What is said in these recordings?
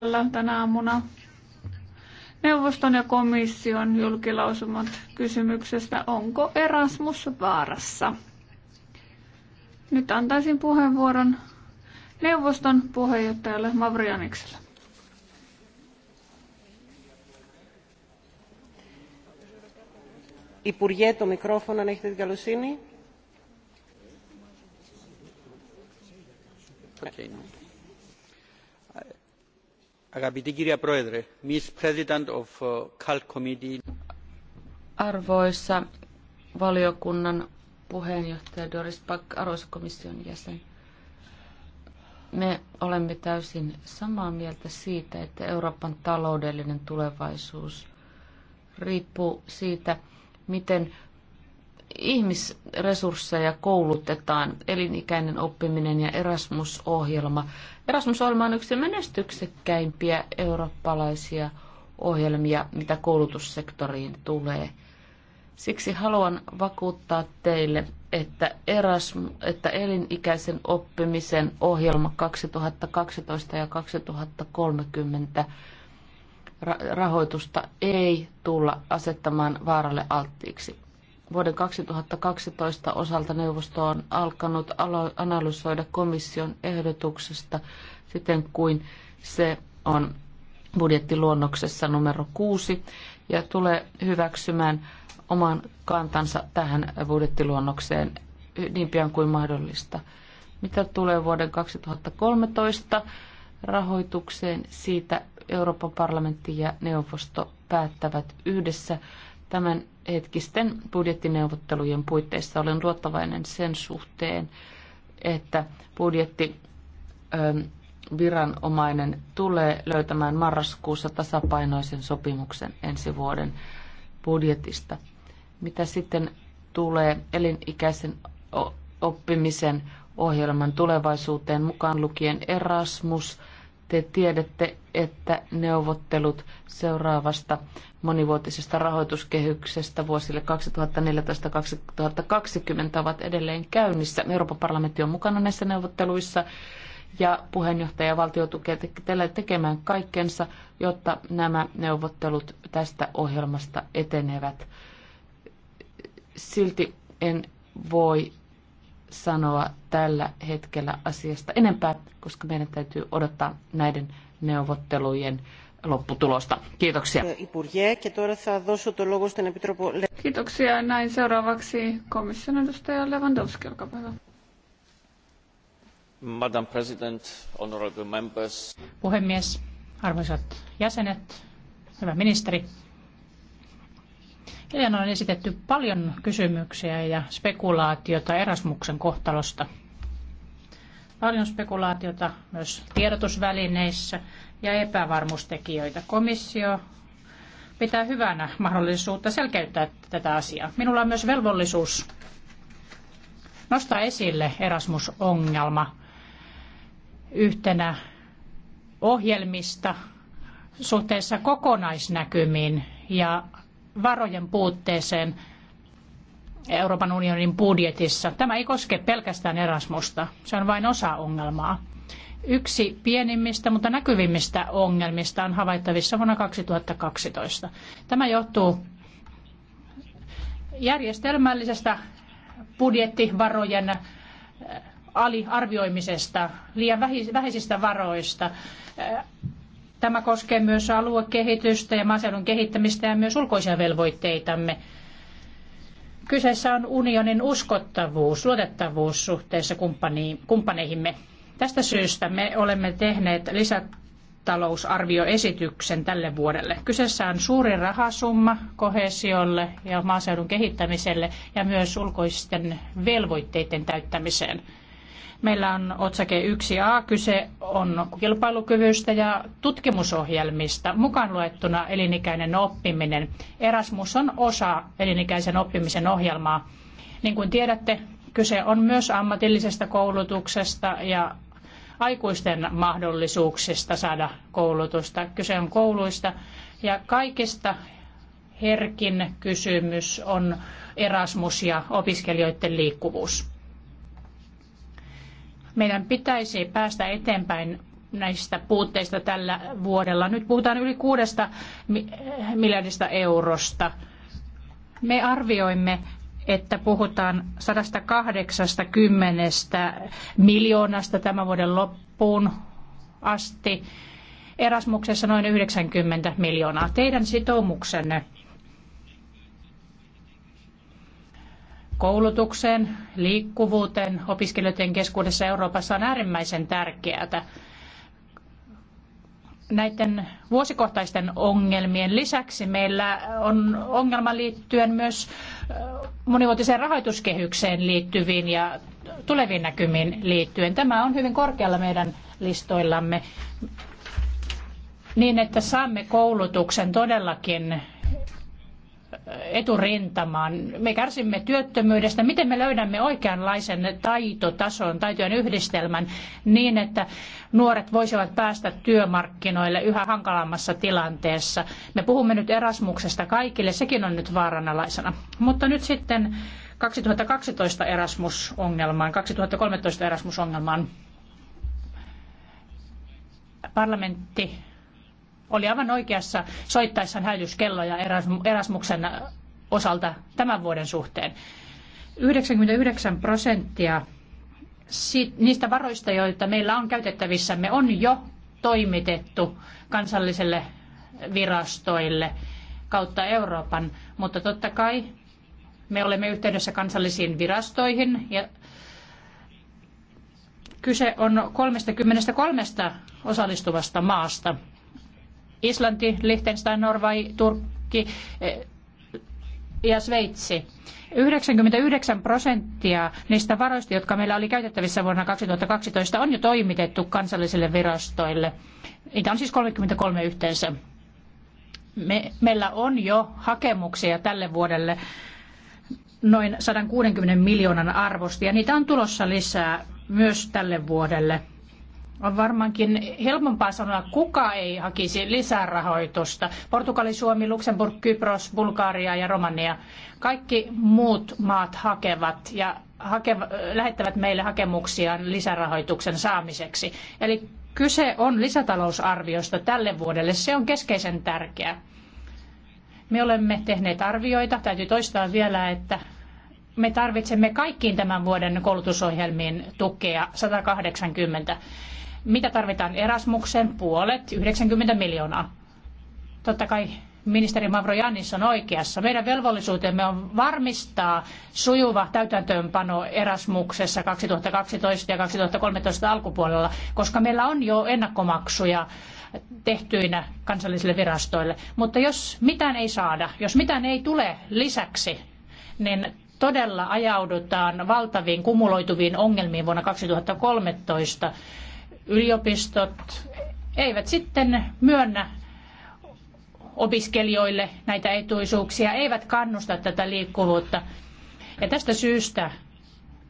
täällä tänä aamuna neuvoston ja komission julkilausumat kysymyksestä, onko Erasmus vaarassa. Nyt antaisin puheenvuoron neuvoston puheenjohtajalle Mavrianikselle. Υπουργέ, το μικρόφωνο αν έχετε την καλοσύνη. Okay. No. Uh, arvoisa valiokunnan puheenjohtaja Doris Pack, arvoisa komission jäsen. Me olemme täysin samaa mieltä siitä, että Euroopan taloudellinen tulevaisuus riippuu siitä, miten ihmisresursseja koulutetaan, elinikäinen oppiminen ja Erasmus-ohjelma Erasmus Olma on yksi menestyksekkäimpiä eurooppalaisia ohjelmia, mitä koulutussektoriin tulee. Siksi haluan vakuuttaa teille, että, Erasmus, että elinikäisen oppimisen ohjelma 2012 ja 2030 rahoitusta ei tulla asettamaan vaaralle alttiiksi vuoden 2012 osalta neuvosto on alkanut analysoida komission ehdotuksesta siten kuin se on budjettiluonnoksessa numero 6 ja tulee hyväksymään oman kantansa tähän budjettiluonnokseen niin pian kuin mahdollista. Mitä tulee vuoden 2013 rahoitukseen, siitä Euroopan parlamentti ja neuvosto päättävät yhdessä Tämän hetkisten budjettineuvottelujen puitteissa olen luottavainen sen suhteen, että budjetti viranomainen tulee löytämään marraskuussa tasapainoisen sopimuksen ensi vuoden budjetista. Mitä sitten tulee elinikäisen oppimisen ohjelman tulevaisuuteen mukaan lukien Erasmus, te tiedätte, että neuvottelut seuraavasta monivuotisesta rahoituskehyksestä vuosille 2014-2020 ovat edelleen käynnissä. Euroopan parlamentti on mukana näissä neuvotteluissa ja puheenjohtaja valtio tukee tekemään kaikkensa, jotta nämä neuvottelut tästä ohjelmasta etenevät. Silti en voi sanoa tällä hetkellä asiasta enempää, koska meidän täytyy odottaa näiden neuvottelujen lopputulosta. Kiitoksia. Kiitoksia. Näin seuraavaksi komission edustaja Lewandowski, olkaa hyvä. Madam President, honorable members. Puhemies, arvoisat jäsenet, hyvä ministeri. Eilen on esitetty paljon kysymyksiä ja spekulaatiota Erasmuksen kohtalosta. Paljon spekulaatiota myös tiedotusvälineissä ja epävarmuustekijöitä. Komissio pitää hyvänä mahdollisuutta selkeyttää tätä asiaa. Minulla on myös velvollisuus nostaa esille Erasmus-ongelma yhtenä ohjelmista suhteessa kokonaisnäkymiin ja varojen puutteeseen Euroopan unionin budjetissa. Tämä ei koske pelkästään Erasmusta, se on vain osa ongelmaa. Yksi pienimmistä, mutta näkyvimmistä ongelmista on havaittavissa vuonna 2012. Tämä johtuu järjestelmällisestä budjettivarojen eh, aliarvioimisesta, liian vähäisistä varoista, eh, Tämä koskee myös aluekehitystä ja maaseudun kehittämistä ja myös ulkoisia velvoitteitamme. Kyseessä on unionin uskottavuus, luotettavuus suhteessa kumppaneihimme. Tästä syystä me olemme tehneet lisätalousarvioesityksen tälle vuodelle. Kyseessä on suuri rahasumma kohesiolle ja maaseudun kehittämiselle ja myös ulkoisten velvoitteiden täyttämiseen. Meillä on otsake 1a, kyse on kilpailukyvystä ja tutkimusohjelmista, mukaan luettuna elinikäinen oppiminen. Erasmus on osa elinikäisen oppimisen ohjelmaa. Niin kuin tiedätte, kyse on myös ammatillisesta koulutuksesta ja aikuisten mahdollisuuksista saada koulutusta. Kyse on kouluista ja kaikista herkin kysymys on Erasmus ja opiskelijoiden liikkuvuus. Meidän pitäisi päästä eteenpäin näistä puutteista tällä vuodella. Nyt puhutaan yli kuudesta miljardista eurosta. Me arvioimme, että puhutaan 180 miljoonasta tämän vuoden loppuun asti. Erasmuksessa noin 90 miljoonaa. Teidän sitoumuksenne koulutukseen, liikkuvuuteen opiskelijoiden keskuudessa Euroopassa on äärimmäisen tärkeää. Näiden vuosikohtaisten ongelmien lisäksi meillä on ongelma liittyen myös äh, monivuotiseen rahoituskehykseen liittyviin ja tuleviin näkymiin liittyen. Tämä on hyvin korkealla meidän listoillamme niin, että saamme koulutuksen todellakin eturintamaan. Me kärsimme työttömyydestä. Miten me löydämme oikeanlaisen taitotason, taitojen yhdistelmän niin, että nuoret voisivat päästä työmarkkinoille yhä hankalammassa tilanteessa? Me puhumme nyt Erasmuksesta kaikille, sekin on nyt vaaranalaisena. Mutta nyt sitten 2012 Erasmus-ongelmaan, 2013 Erasmus-ongelmaan. Parlamentti oli aivan oikeassa soittaessaan hälytyskelloja Erasmuksen osalta tämän vuoden suhteen. 99 prosenttia niistä varoista, joita meillä on käytettävissämme, on jo toimitettu kansalliselle virastoille kautta Euroopan, mutta totta kai me olemme yhteydessä kansallisiin virastoihin ja kyse on 33 osallistuvasta maasta. Islanti, Liechtenstein, Norvai, Turkki eh, ja Sveitsi. 99 prosenttia niistä varoista, jotka meillä oli käytettävissä vuonna 2012, on jo toimitettu kansallisille virastoille. Niitä on siis 33 yhteensä. Me, meillä on jo hakemuksia tälle vuodelle noin 160 miljoonan arvosta ja niitä on tulossa lisää myös tälle vuodelle. On varmaankin helpompaa sanoa, kuka ei hakisi lisärahoitusta. Portugali, Suomi, Luxemburg, Kypros, Bulgaria ja Romania. Kaikki muut maat hakevat ja lähettävät meille hakemuksiaan lisärahoituksen saamiseksi. Eli kyse on lisätalousarviosta tälle vuodelle. Se on keskeisen tärkeä. Me olemme tehneet arvioita. Täytyy toistaa vielä, että me tarvitsemme kaikkiin tämän vuoden koulutusohjelmiin tukea 180 mitä tarvitaan Erasmuksen? Puolet, 90 miljoonaa. Totta kai ministeri Mavrojannis on oikeassa. Meidän velvollisuutemme on varmistaa sujuva täytäntöönpano Erasmuksessa 2012 ja 2013 alkupuolella, koska meillä on jo ennakkomaksuja tehtyinä kansallisille virastoille. Mutta jos mitään ei saada, jos mitään ei tule lisäksi, niin todella ajaudutaan valtaviin kumuloituviin ongelmiin vuonna 2013 yliopistot eivät sitten myönnä opiskelijoille näitä etuisuuksia, eivät kannusta tätä liikkuvuutta. Ja tästä syystä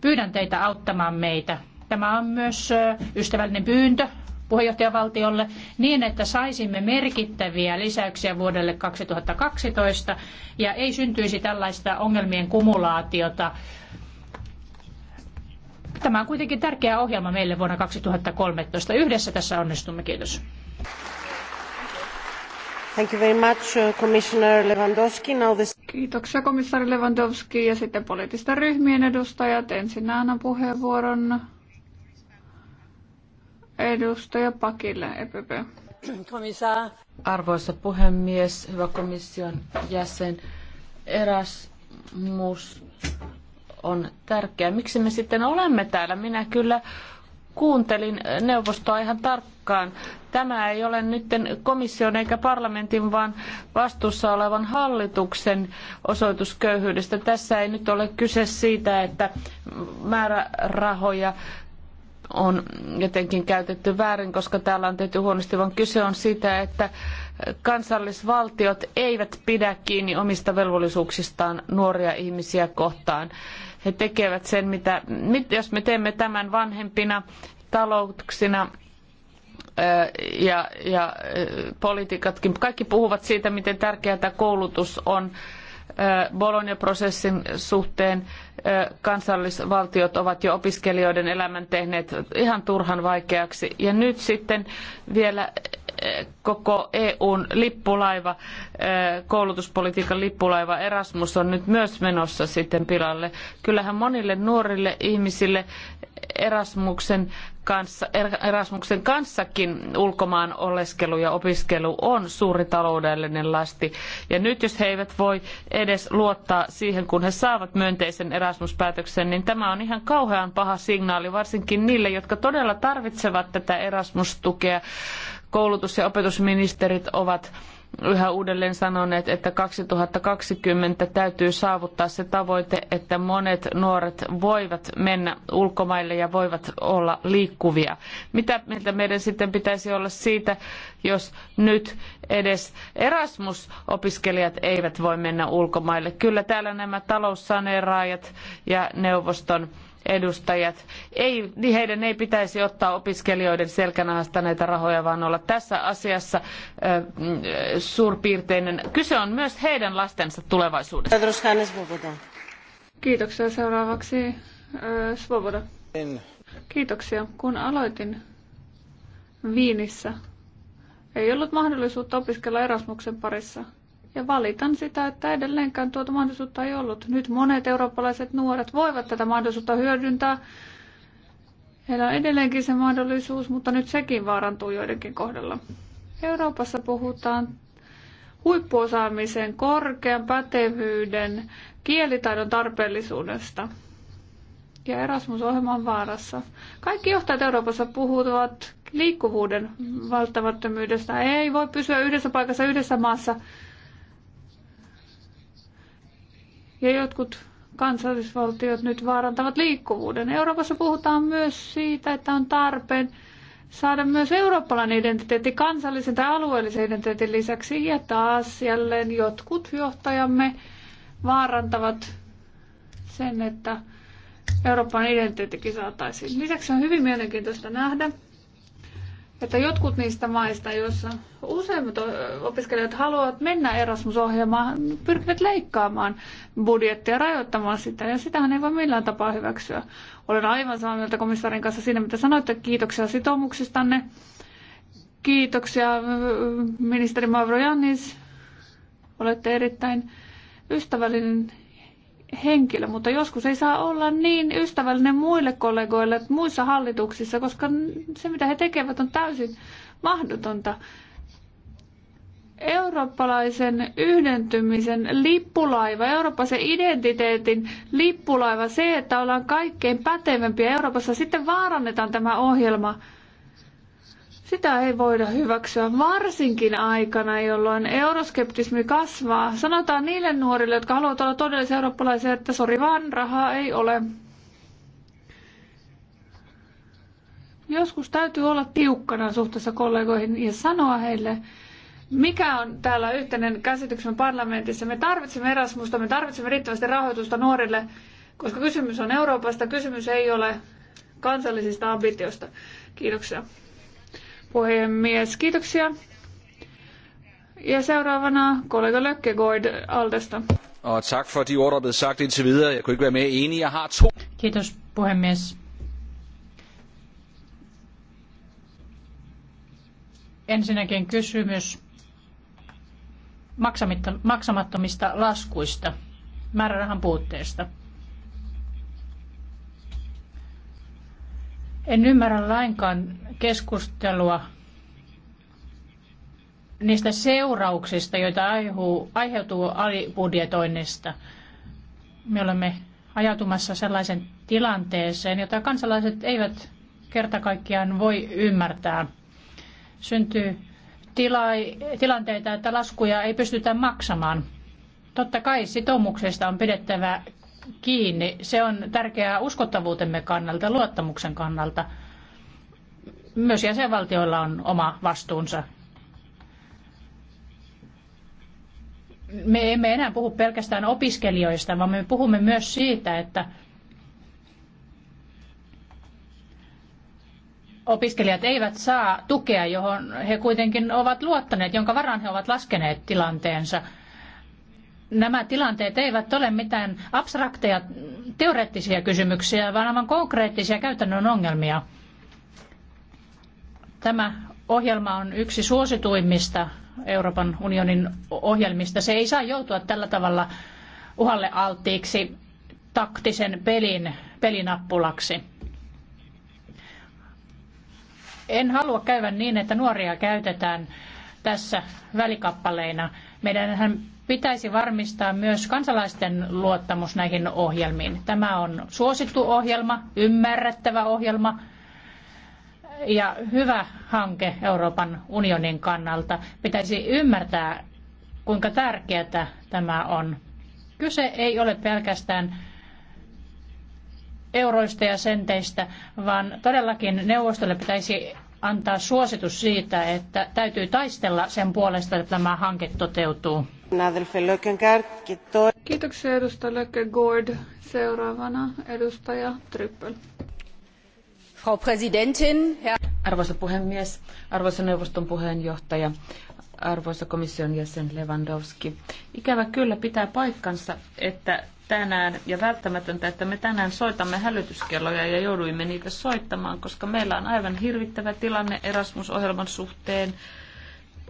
pyydän teitä auttamaan meitä. Tämä on myös ystävällinen pyyntö puheenjohtajavaltiolle niin, että saisimme merkittäviä lisäyksiä vuodelle 2012 ja ei syntyisi tällaista ongelmien kumulaatiota Tämä on kuitenkin tärkeä ohjelma meille vuonna 2013. Yhdessä tässä onnistumme. Kiitos. Thank you very much, uh, Commissioner Lewandowski. Now this... Kiitoksia komissaari Lewandowski ja sitten poliittisten ryhmien edustajat. Ensin annan puheenvuoron edustaja Pakille, EPP. Komissaari. Arvoisa puhemies, hyvä komission jäsen, Erasmus on tärkeää. Miksi me sitten olemme täällä? Minä kyllä kuuntelin neuvostoa ihan tarkkaan. Tämä ei ole nyt komission eikä parlamentin, vaan vastuussa olevan hallituksen osoitus köyhyydestä. Tässä ei nyt ole kyse siitä, että määrärahoja on jotenkin käytetty väärin, koska täällä on tehty huonosti, vaan kyse on siitä, että kansallisvaltiot eivät pidä kiinni omista velvollisuuksistaan nuoria ihmisiä kohtaan he tekevät sen, mitä, jos me teemme tämän vanhempina talouksina, ja, ja poliitikatkin, kaikki puhuvat siitä, miten tärkeää koulutus on. Bologna-prosessin suhteen kansallisvaltiot ovat jo opiskelijoiden elämän tehneet ihan turhan vaikeaksi. Ja nyt sitten vielä koko EUn lippulaiva, koulutuspolitiikan lippulaiva Erasmus on nyt myös menossa sitten pilalle. Kyllähän monille nuorille ihmisille Erasmuksen, kanssa, Erasmuksen kanssakin ulkomaan oleskelu ja opiskelu on suuri taloudellinen lasti. Ja nyt jos he eivät voi edes luottaa siihen, kun he saavat myönteisen Erasmus-päätöksen, niin tämä on ihan kauhean paha signaali, varsinkin niille, jotka todella tarvitsevat tätä Erasmus-tukea koulutus- ja opetusministerit ovat yhä uudelleen sanoneet, että 2020 täytyy saavuttaa se tavoite, että monet nuoret voivat mennä ulkomaille ja voivat olla liikkuvia. Mitä mieltä meidän sitten pitäisi olla siitä, jos nyt edes Erasmus-opiskelijat eivät voi mennä ulkomaille? Kyllä täällä nämä taloussaneeraajat ja neuvoston edustajat. Ei, niin heidän ei pitäisi ottaa opiskelijoiden selkänahasta näitä rahoja, vaan olla tässä asiassa mm, suurpiirteinen. Kyse on myös heidän lastensa tulevaisuudesta. Kiitoksia. Seuraavaksi äh, Svoboda. Kiitoksia. Kun aloitin Viinissä, ei ollut mahdollisuutta opiskella Erasmuksen parissa – ja valitan sitä, että edelleenkään tuota mahdollisuutta ei ollut. Nyt monet eurooppalaiset nuoret voivat tätä mahdollisuutta hyödyntää. Heillä on edelleenkin se mahdollisuus, mutta nyt sekin vaarantuu joidenkin kohdalla. Euroopassa puhutaan huippuosaamisen, korkean pätevyyden, kielitaidon tarpeellisuudesta. Ja Erasmus-ohjelma on vaarassa. Kaikki johtajat Euroopassa puhuvat liikkuvuuden välttämättömyydestä. Ei voi pysyä yhdessä paikassa yhdessä maassa Ja jotkut kansallisvaltiot nyt vaarantavat liikkuvuuden. Euroopassa puhutaan myös siitä, että on tarpeen saada myös eurooppalainen identiteetti kansallisen tai alueellisen identiteetin lisäksi. Ja taas jälleen jotkut johtajamme vaarantavat sen, että Euroopan identiteettikin saataisiin. Lisäksi on hyvin mielenkiintoista nähdä, että jotkut niistä maista, joissa useimmat opiskelijat haluavat mennä Erasmus-ohjelmaan, pyrkivät leikkaamaan budjettia, rajoittamaan sitä, ja sitähän ei voi millään tapaa hyväksyä. Olen aivan samaa mieltä komissaarin kanssa siinä, mitä sanoitte. Kiitoksia sitoumuksistanne. Kiitoksia äh, ministeri Jannis, Olette erittäin ystävällinen henkilö, mutta joskus ei saa olla niin ystävällinen muille kollegoille muissa hallituksissa, koska se mitä he tekevät on täysin mahdotonta. Eurooppalaisen yhdentymisen lippulaiva, eurooppalaisen identiteetin lippulaiva, se, että ollaan kaikkein pätevämpiä Euroopassa, sitten vaarannetaan tämä ohjelma. Sitä ei voida hyväksyä varsinkin aikana, jolloin euroskeptismi kasvaa. Sanotaan niille nuorille, jotka haluavat olla todellisia eurooppalaisia, että sori vaan, rahaa ei ole. Joskus täytyy olla tiukkana suhteessa kollegoihin ja sanoa heille, mikä on täällä yhteinen käsityksen parlamentissa. Me tarvitsemme Erasmusta, me tarvitsemme riittävästi rahoitusta nuorille, koska kysymys on Euroopasta, kysymys ei ole kansallisista ambitiosta. Kiitoksia puhemies. Kiitoksia. Ja seuraavana kollega Lökkegaard Aldesta. Og tak for de ord, der er blevet sagt indtil videre. Jeg kunne ikke være mere enig. Jeg har to... Kiitos puhemies. Ensinnäkin kysymys maksamattomista laskuista, määrärahan puutteesta. En ymmärrä lainkaan keskustelua niistä seurauksista, joita aiheutuu alibudjetoinnista. Me olemme ajautumassa sellaisen tilanteeseen, jota kansalaiset eivät kerta voi ymmärtää. Syntyy tila- tilanteita, että laskuja ei pystytä maksamaan. Totta kai sitoumuksesta on pidettävä kiinni. Se on tärkeää uskottavuutemme kannalta, luottamuksen kannalta. Myös jäsenvaltioilla on oma vastuunsa. Me emme enää puhu pelkästään opiskelijoista, vaan me puhumme myös siitä, että opiskelijat eivät saa tukea, johon he kuitenkin ovat luottaneet, jonka varaan he ovat laskeneet tilanteensa – nämä tilanteet eivät ole mitään abstrakteja teoreettisia kysymyksiä, vaan aivan konkreettisia käytännön ongelmia. Tämä ohjelma on yksi suosituimmista Euroopan unionin ohjelmista. Se ei saa joutua tällä tavalla uhalle alttiiksi taktisen pelin pelinappulaksi. En halua käydä niin, että nuoria käytetään tässä välikappaleina. Meidänhän pitäisi varmistaa myös kansalaisten luottamus näihin ohjelmiin. Tämä on suosittu ohjelma, ymmärrettävä ohjelma ja hyvä hanke Euroopan unionin kannalta. Pitäisi ymmärtää, kuinka tärkeää tämä on. Kyse ei ole pelkästään euroista ja senteistä, vaan todellakin neuvostolle pitäisi antaa suositus siitä, että täytyy taistella sen puolesta, että tämä hanke toteutuu. Kiitoksia edustaja Gord. Seuraavana edustaja Trippel. Frau Präsidentin, Herr... Arvoisa puhemies, arvoisa neuvoston puheenjohtaja, arvoisa komission jäsen Lewandowski. Ikävä kyllä pitää paikkansa, että tänään ja välttämätöntä, että me tänään soitamme hälytyskelloja ja jouduimme niitä soittamaan, koska meillä on aivan hirvittävä tilanne Erasmus-ohjelman suhteen.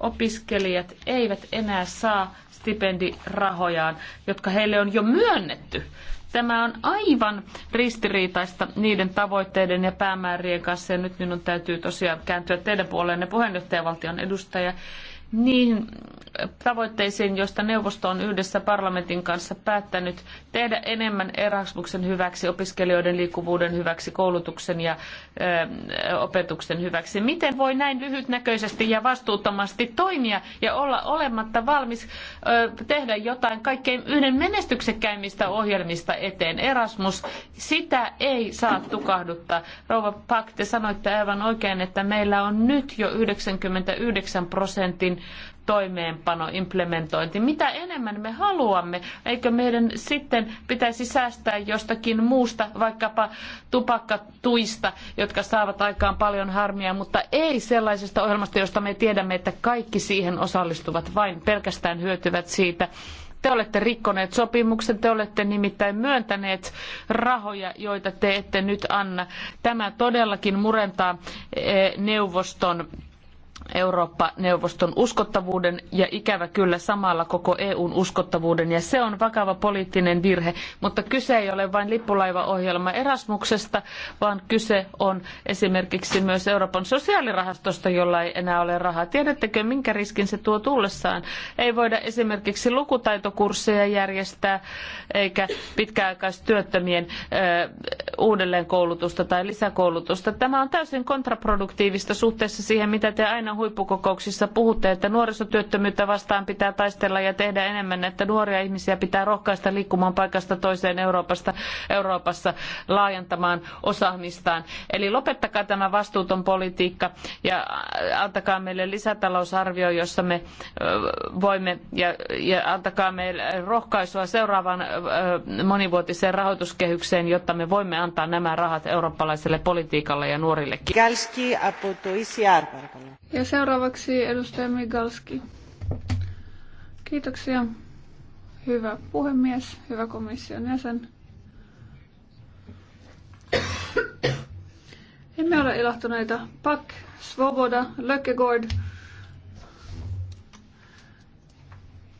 Opiskelijat eivät enää saa stipendirahojaan, jotka heille on jo myönnetty. Tämä on aivan ristiriitaista niiden tavoitteiden ja päämäärien kanssa, ja nyt minun täytyy tosiaan kääntyä teidän puoleenne puheenjohtajavaltion edustaja niihin tavoitteisiin, joista neuvosto on yhdessä parlamentin kanssa päättänyt tehdä enemmän Erasmuksen hyväksi, opiskelijoiden liikkuvuuden hyväksi, koulutuksen ja ö, opetuksen hyväksi. Miten voi näin lyhytnäköisesti ja vastuuttomasti toimia ja olla olematta valmis ö, tehdä jotain kaikkein yhden menestyksekkäimmistä ohjelmista eteen? Erasmus, sitä ei saa tukahduttaa. Rouva Pak, te sanoitte aivan oikein, että meillä on nyt jo 99 prosentin toimeenpano, implementointi. Mitä enemmän me haluamme, eikö meidän sitten pitäisi säästää jostakin muusta, vaikkapa tupakkatuista, jotka saavat aikaan paljon harmia, mutta ei sellaisesta ohjelmasta, josta me tiedämme, että kaikki siihen osallistuvat, vain pelkästään hyötyvät siitä. Te olette rikkoneet sopimuksen, te olette nimittäin myöntäneet rahoja, joita te ette nyt anna. Tämä todellakin murentaa eh, neuvoston Eurooppa-neuvoston uskottavuuden ja ikävä kyllä samalla koko EUn uskottavuuden. Ja se on vakava poliittinen virhe, mutta kyse ei ole vain lippulaivaohjelma Erasmuksesta, vaan kyse on esimerkiksi myös Euroopan sosiaalirahastosta, jolla ei enää ole rahaa. Tiedättekö, minkä riskin se tuo tullessaan? Ei voida esimerkiksi lukutaitokursseja järjestää, eikä pitkäaikaistyöttömien ö, uudelleenkoulutusta tai lisäkoulutusta. Tämä on täysin kontraproduktiivista suhteessa siihen, mitä te aina aina huippukokouksissa puhutte, että nuorisotyöttömyyttä vastaan pitää taistella ja tehdä enemmän, että nuoria ihmisiä pitää rohkaista liikkumaan paikasta toiseen Euroopasta, Euroopassa laajentamaan osaamistaan. Eli lopettakaa tämä vastuuton politiikka ja antakaa meille lisätalousarvio, jossa me voimme ja, ja antakaa meille rohkaisua seuraavaan monivuotiseen rahoituskehykseen, jotta me voimme antaa nämä rahat eurooppalaiselle politiikalle ja nuorillekin. Galski, apu το ECR, ja seuraavaksi edustaja Migalski. Kiitoksia. Hyvä puhemies, hyvä komission jäsen. Emme ole ilahtuneita. Pak, Svoboda, Lökegord.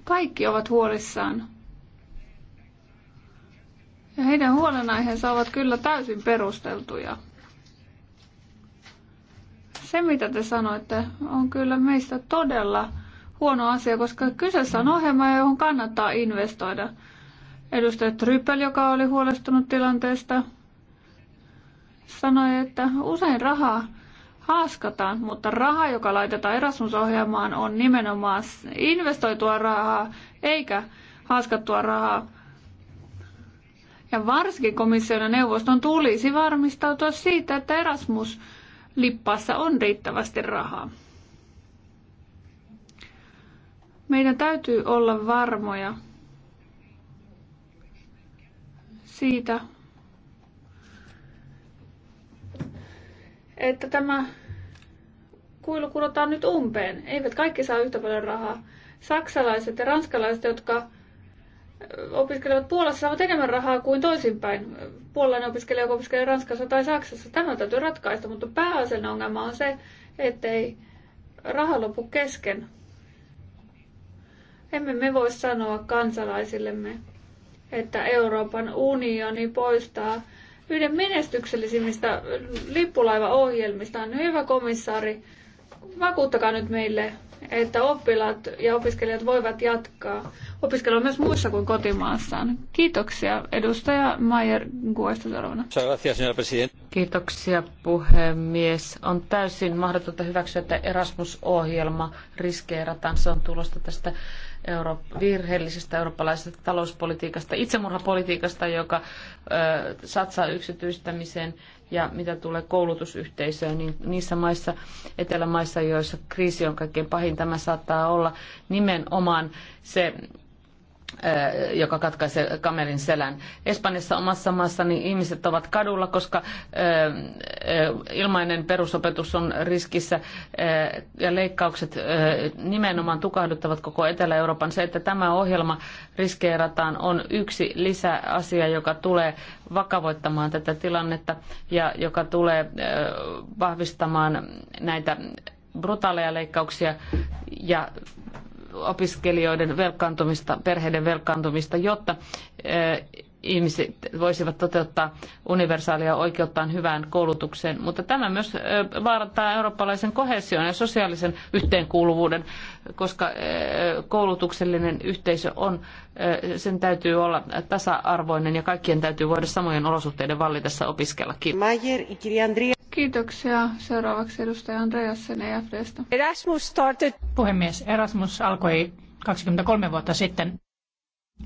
Kaikki ovat huolissaan. Ja heidän huolenaiheensa ovat kyllä täysin perusteltuja. Se, mitä te sanoitte, on kyllä meistä todella huono asia, koska kyseessä on ohjelma, johon kannattaa investoida. Edustaja Trypel, joka oli huolestunut tilanteesta, sanoi, että usein rahaa haaskataan, mutta raha, joka laitetaan Erasmus-ohjelmaan, on nimenomaan investoitua rahaa eikä haaskattua rahaa. Ja varsinkin komission ja neuvoston tulisi varmistautua siitä, että Erasmus lippaassa on riittävästi rahaa. Meidän täytyy olla varmoja siitä, että tämä kuilu kurotaan nyt umpeen. Eivät kaikki saa yhtä paljon rahaa. Saksalaiset ja ranskalaiset, jotka opiskelevat Puolassa saavat enemmän rahaa kuin toisinpäin. Puolainen opiskelija, joka opiskelee Ranskassa tai Saksassa, tämä täytyy ratkaista, mutta pääasiallinen ongelma on se, ettei raha lopu kesken. Emme me voi sanoa kansalaisillemme, että Euroopan unioni poistaa yhden menestyksellisimmistä lippulaivaohjelmista. Hyvä komissaari, vakuuttakaa nyt meille että oppilaat ja opiskelijat voivat jatkaa opiskelua myös muissa kuin kotimaassaan. Kiitoksia edustaja Mayer Guesta seuraavana. Kiitoksia puhemies. On täysin mahdotonta hyväksyä, että Erasmus-ohjelma riskeerataan. Se on tulosta tästä euro- virheellisestä eurooppalaisesta talouspolitiikasta, itsemurhapolitiikasta, joka ö, satsaa yksityistämiseen ja mitä tulee koulutusyhteisöön, niin niissä maissa, etelämaissa, joissa kriisi on kaikkein pahin, tämä saattaa olla nimenomaan se joka katkaisee kamerin selän. Espanjassa omassa maassani ihmiset ovat kadulla, koska ilmainen perusopetus on riskissä ja leikkaukset nimenomaan tukahduttavat koko Etelä-Euroopan. Se, että tämä ohjelma riskeerataan, on yksi lisäasia, joka tulee vakavoittamaan tätä tilannetta ja joka tulee vahvistamaan näitä brutaaleja leikkauksia ja opiskelijoiden velkaantumista, perheiden velkaantumista, jotta ihmiset voisivat toteuttaa universaalia oikeuttaan hyvään koulutukseen. Mutta tämä myös vaarantaa eurooppalaisen kohesion ja sosiaalisen yhteenkuuluvuuden, koska koulutuksellinen yhteisö on, sen täytyy olla tasa-arvoinen ja kaikkien täytyy voida samojen olosuhteiden vallitessa opiskellakin. Kiitoksia. Seuraavaksi edustaja Andreasen EFDstä. Erasmus started... Puhemies, Erasmus alkoi 23 vuotta sitten.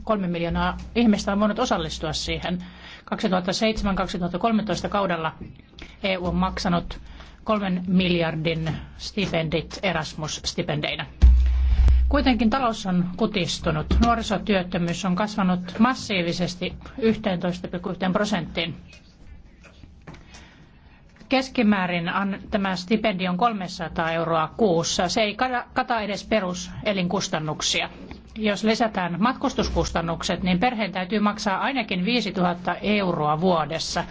Kolme miljoonaa ihmistä on voinut osallistua siihen. 2007-2013 kaudella EU on maksanut kolmen miljardin stipendit Erasmus-stipendeinä. Kuitenkin talous on kutistunut. Nuorisotyöttömyys on kasvanut massiivisesti 11,1 prosenttiin. Keskimäärin tämä stipendi on 300 euroa kuussa. Se ei kata edes peruselinkustannuksia. Jos lisätään matkustuskustannukset, niin perheen täytyy maksaa ainakin 5000 euroa vuodessa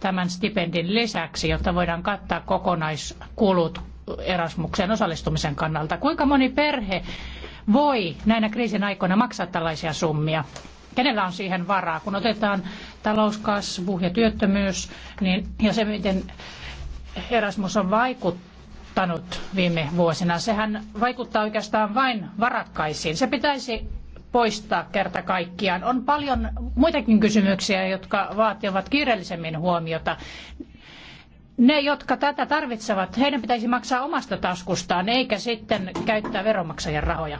tämän stipendin lisäksi, jotta voidaan kattaa kokonaiskulut Erasmukseen osallistumisen kannalta. Kuinka moni perhe voi näinä kriisin aikoina maksaa tällaisia summia? kenellä on siihen varaa. Kun otetaan talouskasvu ja työttömyys niin, ja se, miten Erasmus on vaikuttanut viime vuosina, sehän vaikuttaa oikeastaan vain varakkaisiin. Se pitäisi poistaa kerta kaikkiaan. On paljon muitakin kysymyksiä, jotka vaativat kiireellisemmin huomiota. Ne, jotka tätä tarvitsevat, heidän pitäisi maksaa omasta taskustaan, eikä sitten käyttää veronmaksajien rahoja.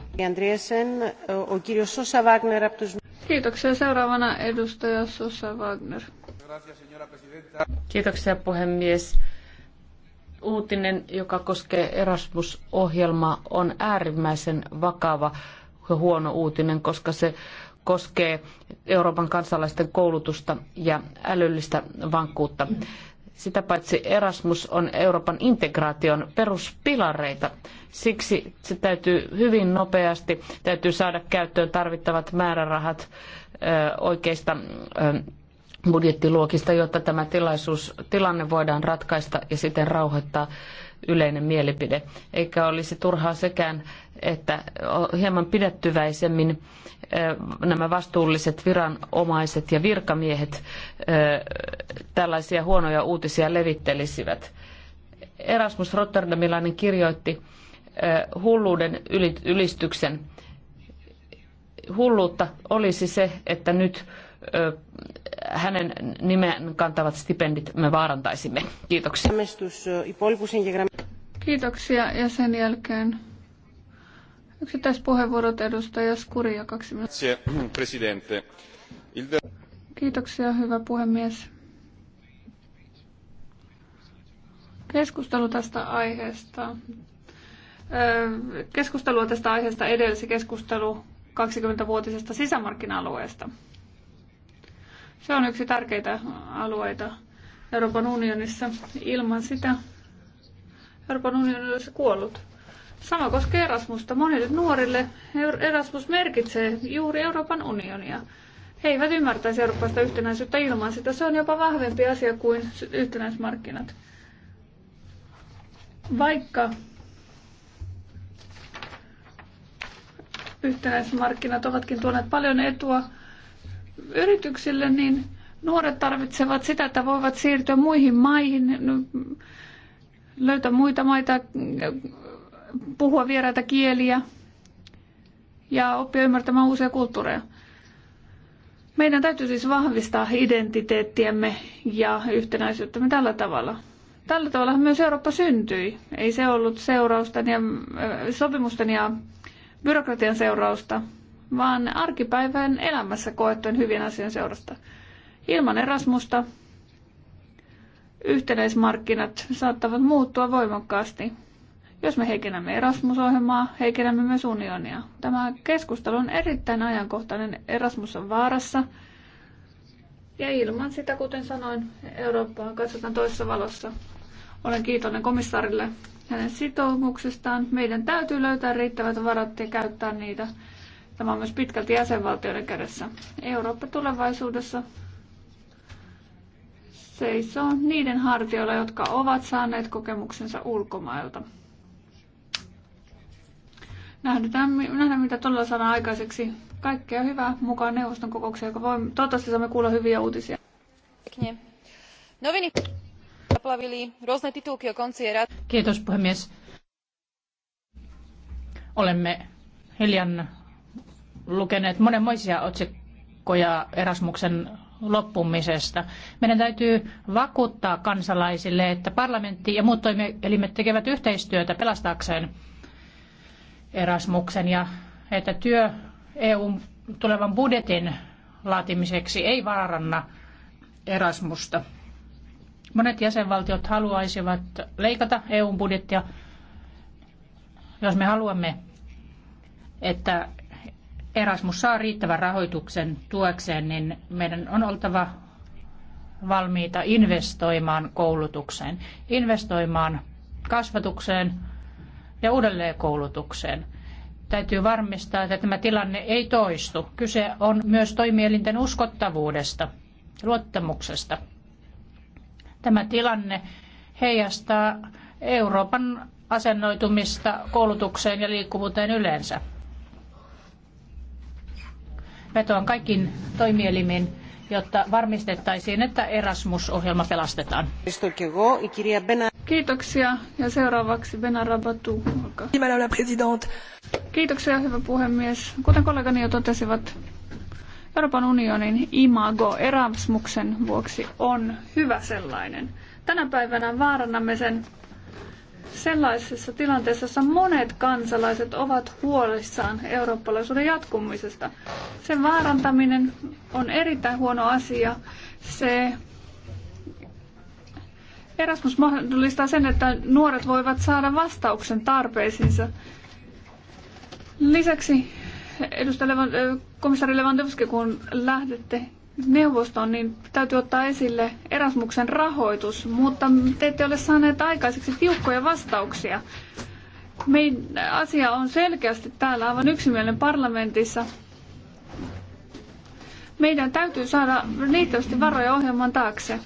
Kiitoksia. Seuraavana edustaja Sosa Wagner. Kiitoksia puhemies. Uutinen, joka koskee Erasmus-ohjelmaa, on äärimmäisen vakava ja huono uutinen, koska se koskee Euroopan kansalaisten koulutusta ja älyllistä vankkuutta. Mm sitä paitsi Erasmus on Euroopan integraation peruspilareita. Siksi se täytyy hyvin nopeasti, täytyy saada käyttöön tarvittavat määrärahat oikeista budjettiluokista, jotta tämä tilaisuus, tilanne voidaan ratkaista ja siten rauhoittaa yleinen mielipide. Eikä olisi turhaa sekään että hieman pidettyväisemmin nämä vastuulliset viranomaiset ja virkamiehet tällaisia huonoja uutisia levittelisivät. Erasmus Rotterdamilainen kirjoitti hulluuden ylistyksen. Hulluutta olisi se, että nyt hänen nimen kantavat stipendit me vaarantaisimme. Kiitoksia. Kiitoksia ja sen jälkeen Yksittäispuheenvuorot edustaja Skuria kaksi minuuttia. Kiitoksia, hyvä puhemies. Keskustelu tästä aiheesta. Keskustelua tästä aiheesta edelsi keskustelu 20-vuotisesta sisämarkkina-alueesta. Se on yksi tärkeitä alueita Euroopan unionissa. Ilman sitä Euroopan unioni olisi kuollut. Sama koskee Erasmusta. Monille nuorille Erasmus merkitsee juuri Euroopan unionia. He eivät ymmärtäisi eurooppalaista yhtenäisyyttä ilman sitä. Se on jopa vahvempi asia kuin yhtenäismarkkinat. Vaikka yhtenäismarkkinat ovatkin tuoneet paljon etua yrityksille, niin nuoret tarvitsevat sitä, että voivat siirtyä muihin maihin, löytää muita maita, puhua vieraita kieliä ja oppia ymmärtämään uusia kulttuureja. Meidän täytyy siis vahvistaa identiteettiämme ja yhtenäisyyttämme tällä tavalla. Tällä tavalla myös Eurooppa syntyi. Ei se ollut seurausten ja sopimusten ja byrokratian seurausta, vaan arkipäivän elämässä koettujen hyvien asian seurasta. Ilman Erasmusta yhtenäismarkkinat saattavat muuttua voimakkaasti. Jos me heikennämme Erasmus-ohjelmaa, heikennämme myös unionia. Tämä keskustelu on erittäin ajankohtainen. Erasmus on vaarassa. Ja ilman sitä, kuten sanoin, Eurooppaa katsotaan toisessa valossa. Olen kiitollinen komissaarille hänen sitoumuksestaan. Meidän täytyy löytää riittävät varat ja käyttää niitä. Tämä on myös pitkälti jäsenvaltioiden kädessä. Eurooppa tulevaisuudessa seisoo niiden hartioilla, jotka ovat saaneet kokemuksensa ulkomailta. Nähdään, nähdään mitä todella saadaan aikaiseksi. Kaikkea hyvää mukaan neuvoston kokoukseen, joka voi, toivottavasti saamme kuulla hyviä uutisia. Kiitos puhemies. Olemme Helian lukeneet monenmoisia otsikkoja Erasmuksen loppumisesta. Meidän täytyy vakuuttaa kansalaisille, että parlamentti ja muut toimielimet tekevät yhteistyötä pelastaakseen Erasmuksen ja että työ EUn tulevan budjetin laatimiseksi ei vaaranna Erasmusta. Monet jäsenvaltiot haluaisivat leikata EUn budjettia. Jos me haluamme, että Erasmus saa riittävän rahoituksen tuekseen, niin meidän on oltava valmiita investoimaan koulutukseen, investoimaan kasvatukseen, ja uudelleenkoulutukseen. Täytyy varmistaa, että tämä tilanne ei toistu. Kyse on myös toimielinten uskottavuudesta, luottamuksesta. Tämä tilanne heijastaa Euroopan asennoitumista koulutukseen ja liikkuvuuteen yleensä. Vetoan kaikkiin toimielimiin jotta varmistettaisiin, että Erasmus-ohjelma pelastetaan. Kiitoksia ja seuraavaksi Bena Rabatu. Kiitoksia hyvä puhemies. Kuten kollegani jo totesivat, Euroopan unionin imago Erasmuksen vuoksi on hyvä sellainen. Tänä päivänä vaarannamme sen sellaisessa tilanteessa, jossa monet kansalaiset ovat huolissaan eurooppalaisuuden jatkumisesta. Sen vaarantaminen on erittäin huono asia. Se Erasmus mahdollistaa sen, että nuoret voivat saada vastauksen tarpeisiinsa. Lisäksi edustaja Levan, komissaari Lewandowski, kun lähdette neuvoston, niin täytyy ottaa esille Erasmuksen rahoitus, mutta te ette ole saaneet aikaiseksi tiukkoja vastauksia. Meidän asia on selkeästi täällä aivan yksimielinen parlamentissa. Meidän täytyy saada riittävästi varoja ohjelman taakse.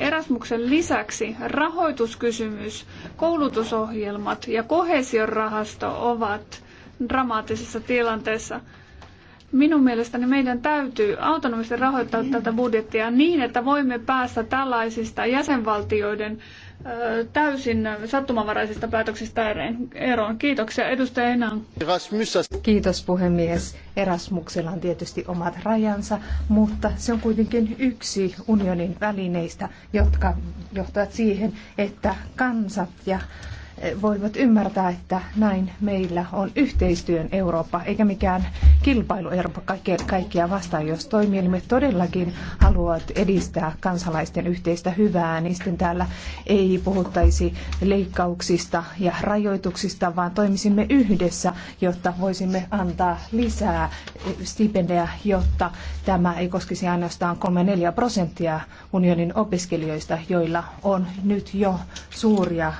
Erasmuksen lisäksi rahoituskysymys, koulutusohjelmat ja kohesiorahasto ovat dramaattisessa tilanteessa – Minun mielestäni meidän täytyy autonomisesti rahoittaa tätä budjettia niin, että voimme päästä tällaisista jäsenvaltioiden täysin sattumanvaraisista päätöksistä eroon. Kiitoksia edustaja Enan. Kiitos puhemies. Erasmuksella on tietysti omat rajansa, mutta se on kuitenkin yksi unionin välineistä, jotka johtavat siihen, että kansat ja voivat ymmärtää, että näin meillä on yhteistyön Eurooppa, eikä mikään kilpailu Eurooppa kaikkia, kaikkia vastaan. Jos toimielimet todellakin haluavat edistää kansalaisten yhteistä hyvää, niin sitten täällä ei puhuttaisi leikkauksista ja rajoituksista, vaan toimisimme yhdessä, jotta voisimme antaa lisää stipendejä, jotta tämä ei koskisi ainoastaan 3-4 prosenttia unionin opiskelijoista, joilla on nyt jo suuria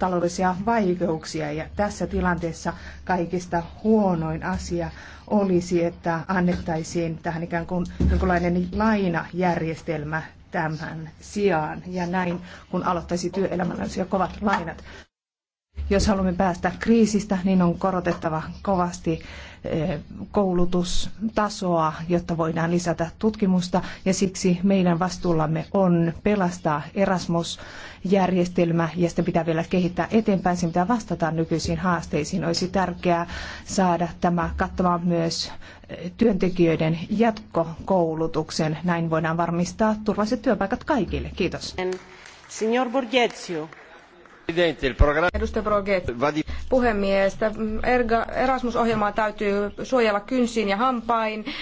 taloudellisia vaikeuksia ja tässä tilanteessa kaikista huonoin asia olisi, että annettaisiin tähän ikään kuin jonkinlainen lainajärjestelmä tämän sijaan. Ja näin, kun aloittaisi työelämän kovat lainat. Jos haluamme päästä kriisistä, niin on korotettava kovasti eh, koulutustasoa, jotta voidaan lisätä tutkimusta ja siksi meidän vastuullamme on pelastaa Erasmus-järjestelmä ja sitä pitää vielä kehittää eteenpäin, sen pitää vastata nykyisiin haasteisiin. Olisi tärkeää saada tämä kattamaan myös eh, työntekijöiden jatkokoulutuksen. Näin voidaan varmistaa turvalliset työpaikat kaikille. Kiitos. Signor Borghezio. Edustaja Broget, puhemies, Erasmus-ohjelmaa täytyy suojella kynsin ja hampain äh,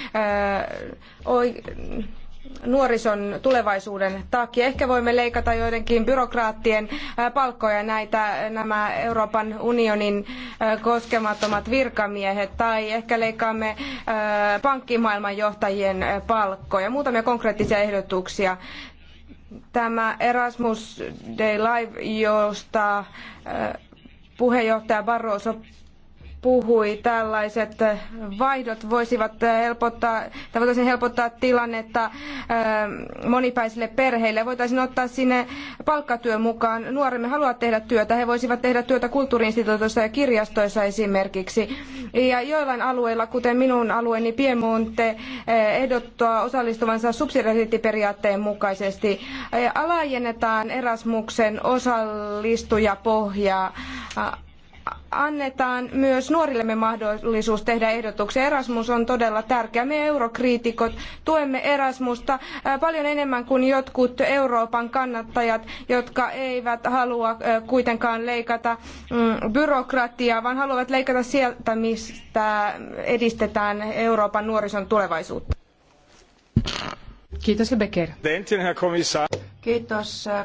nuorison tulevaisuuden takia. Ehkä voimme leikata joidenkin byrokraattien äh, palkkoja näitä nämä Euroopan unionin äh, koskemattomat virkamiehet tai ehkä leikkaamme pankkimaailman johtajien palkkoja. Muutamia konkreettisia ehdotuksia. Tämä Erasmus Day Live, josta eh, puheenjohtaja Barroso puhui, tällaiset vaihdot voisivat helpottaa, tai helpottaa tilannetta ähm, monipäisille perheille. Voitaisiin ottaa sinne palkkatyö mukaan. Nuoremme haluavat tehdä työtä. He voisivat tehdä työtä kulttuuriinstituutioissa ja kirjastoissa esimerkiksi. Ja joillain alueilla, kuten minun alueeni Piemonte, eh, ehdottaa osallistuvansa subsidiariteettiperiaatteen mukaisesti. Eh, Laajennetaan Erasmuksen osallistujapohjaa annetaan myös nuorillemme mahdollisuus tehdä ehdotuksia. Erasmus on todella tärkeä. Me eurokriitikot tuemme Erasmusta äh, paljon enemmän kuin jotkut Euroopan kannattajat, jotka eivät halua äh, kuitenkaan leikata mm, byrokratiaa, vaan haluavat leikata sieltä, mistä edistetään Euroopan nuorison tulevaisuutta. Kiitos, Becker. Kiitos äh,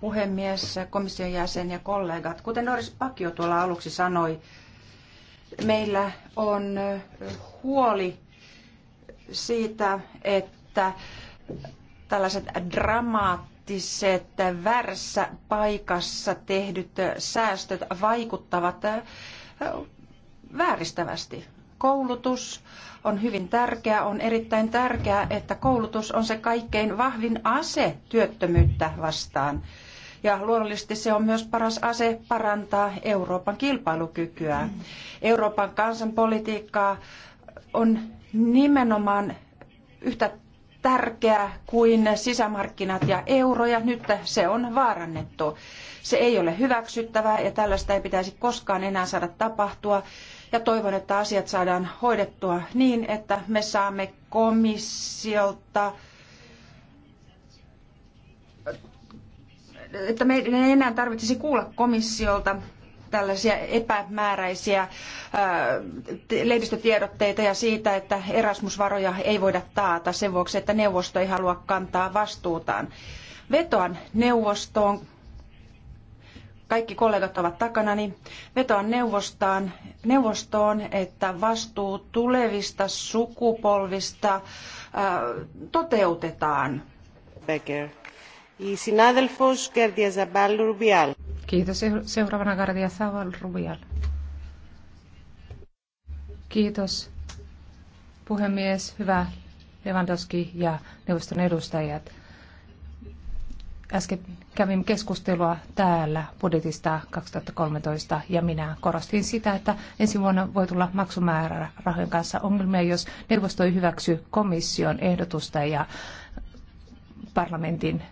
puhemies, komission jäsen ja kollegat. Kuten Noris Pakio tuolla aluksi sanoi, meillä on huoli siitä, että tällaiset dramaattiset väärässä paikassa tehdyt säästöt vaikuttavat vääristävästi koulutus on hyvin tärkeää. On erittäin tärkeää, että koulutus on se kaikkein vahvin ase työttömyyttä vastaan. Ja luonnollisesti se on myös paras ase parantaa Euroopan kilpailukykyä. Euroopan kansanpolitiikkaa on nimenomaan yhtä tärkeä kuin sisämarkkinat ja euro, ja nyt se on vaarannettu. Se ei ole hyväksyttävää, ja tällaista ei pitäisi koskaan enää saada tapahtua ja toivon, että asiat saadaan hoidettua niin, että me saamme komissiolta että meidän ei enää tarvitsisi kuulla komissiolta tällaisia epämääräisiä äh, lehdistötiedotteita ja siitä, että Erasmus-varoja ei voida taata sen vuoksi, että neuvosto ei halua kantaa vastuutaan. Vetoan neuvostoon kaikki kollegat ovat takanani. niin vetoan neuvostaan, neuvostoon, että vastuu tulevista sukupolvista äh, toteutetaan. Becker. Η συνάδελφος Κέρδια Ζαμπάλ Ρουμπιάλ. Kiitos. Seuraavana Κέρδια Ζαμπάλ Ρουμπιάλ. Kiitos puhemies, hyvä Lewandowski ja neuvoston edustajat äsken kävin keskustelua täällä budjetista 2013 ja minä korostin sitä, että ensi vuonna voi tulla maksumäärärahojen kanssa ongelmia, jos neuvosto ei hyväksy komission ehdotusta ja parlamentin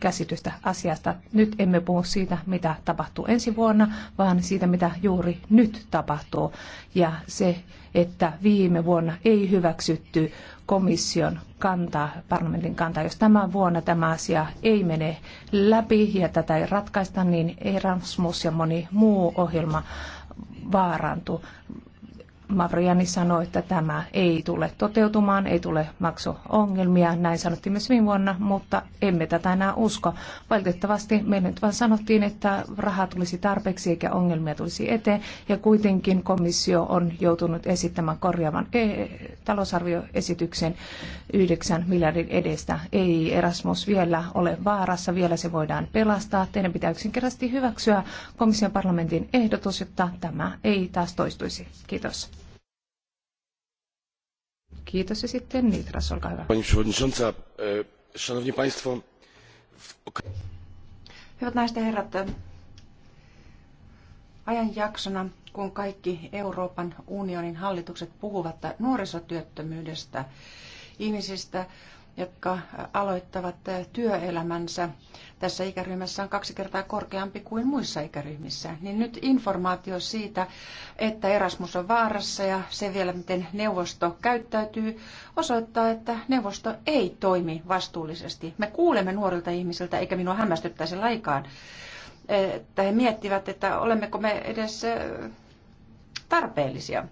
käsitystä asiasta. Nyt emme puhu siitä, mitä tapahtuu ensi vuonna, vaan siitä, mitä juuri nyt tapahtuu. Ja se, että viime vuonna ei hyväksytty komission kantaa, parlamentin kantaa. Jos tämän vuonna tämä asia ei mene läpi ja tätä ei ratkaista, niin Erasmus ja moni muu ohjelma vaarantuu. Mavrojani sanoi, että tämä ei tule toteutumaan, ei tule maksuongelmia, näin sanottiin myös viime vuonna, mutta emme tätä enää usko. Valitettavasti meille nyt vaan sanottiin, että rahaa tulisi tarpeeksi eikä ongelmia tulisi eteen, ja kuitenkin komissio on joutunut esittämään korjaavan e- talousarvioesityksen 9 miljardin edestä. Ei Erasmus vielä ole vaarassa, vielä se voidaan pelastaa. Teidän pitää yksinkertaisesti hyväksyä komission parlamentin ehdotus, jotta tämä ei taas toistuisi. Kiitos. Kiitos ja sitten Nitras, olkaa hyvä. Pani przewodnicząca, e, szanowni państwo. Hyvät naiset ja herrat, ajanjaksona, kun kaikki Euroopan unionin hallitukset puhuvat nuorisotyöttömyydestä, ihmisistä, jotka aloittavat työelämänsä tässä ikäryhmässä on kaksi kertaa korkeampi kuin muissa ikäryhmissä. Niin nyt informaatio siitä, että Erasmus on vaarassa ja se vielä, miten neuvosto käyttäytyy, osoittaa, että neuvosto ei toimi vastuullisesti. Me kuulemme nuorilta ihmisiltä, eikä minua hämmästyttäisi laikaan, että he miettivät, että olemmeko me edes tarpeellisia.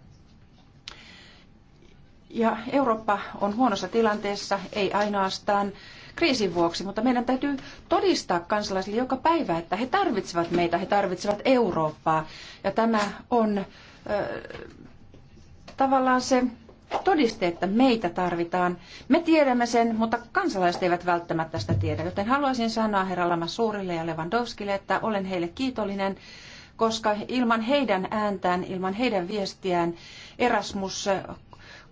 Ja Eurooppa on huonossa tilanteessa, ei ainoastaan kriisin vuoksi, mutta meidän täytyy todistaa kansalaisille joka päivä, että he tarvitsevat meitä, he tarvitsevat Eurooppaa. Ja tämä on äh, tavallaan se todiste, että meitä tarvitaan. Me tiedämme sen, mutta kansalaiset eivät välttämättä sitä tiedä. Joten haluaisin sanoa herra Lama Suurille ja Lewandowskille, että olen heille kiitollinen, koska ilman heidän ääntään, ilman heidän viestiään Erasmus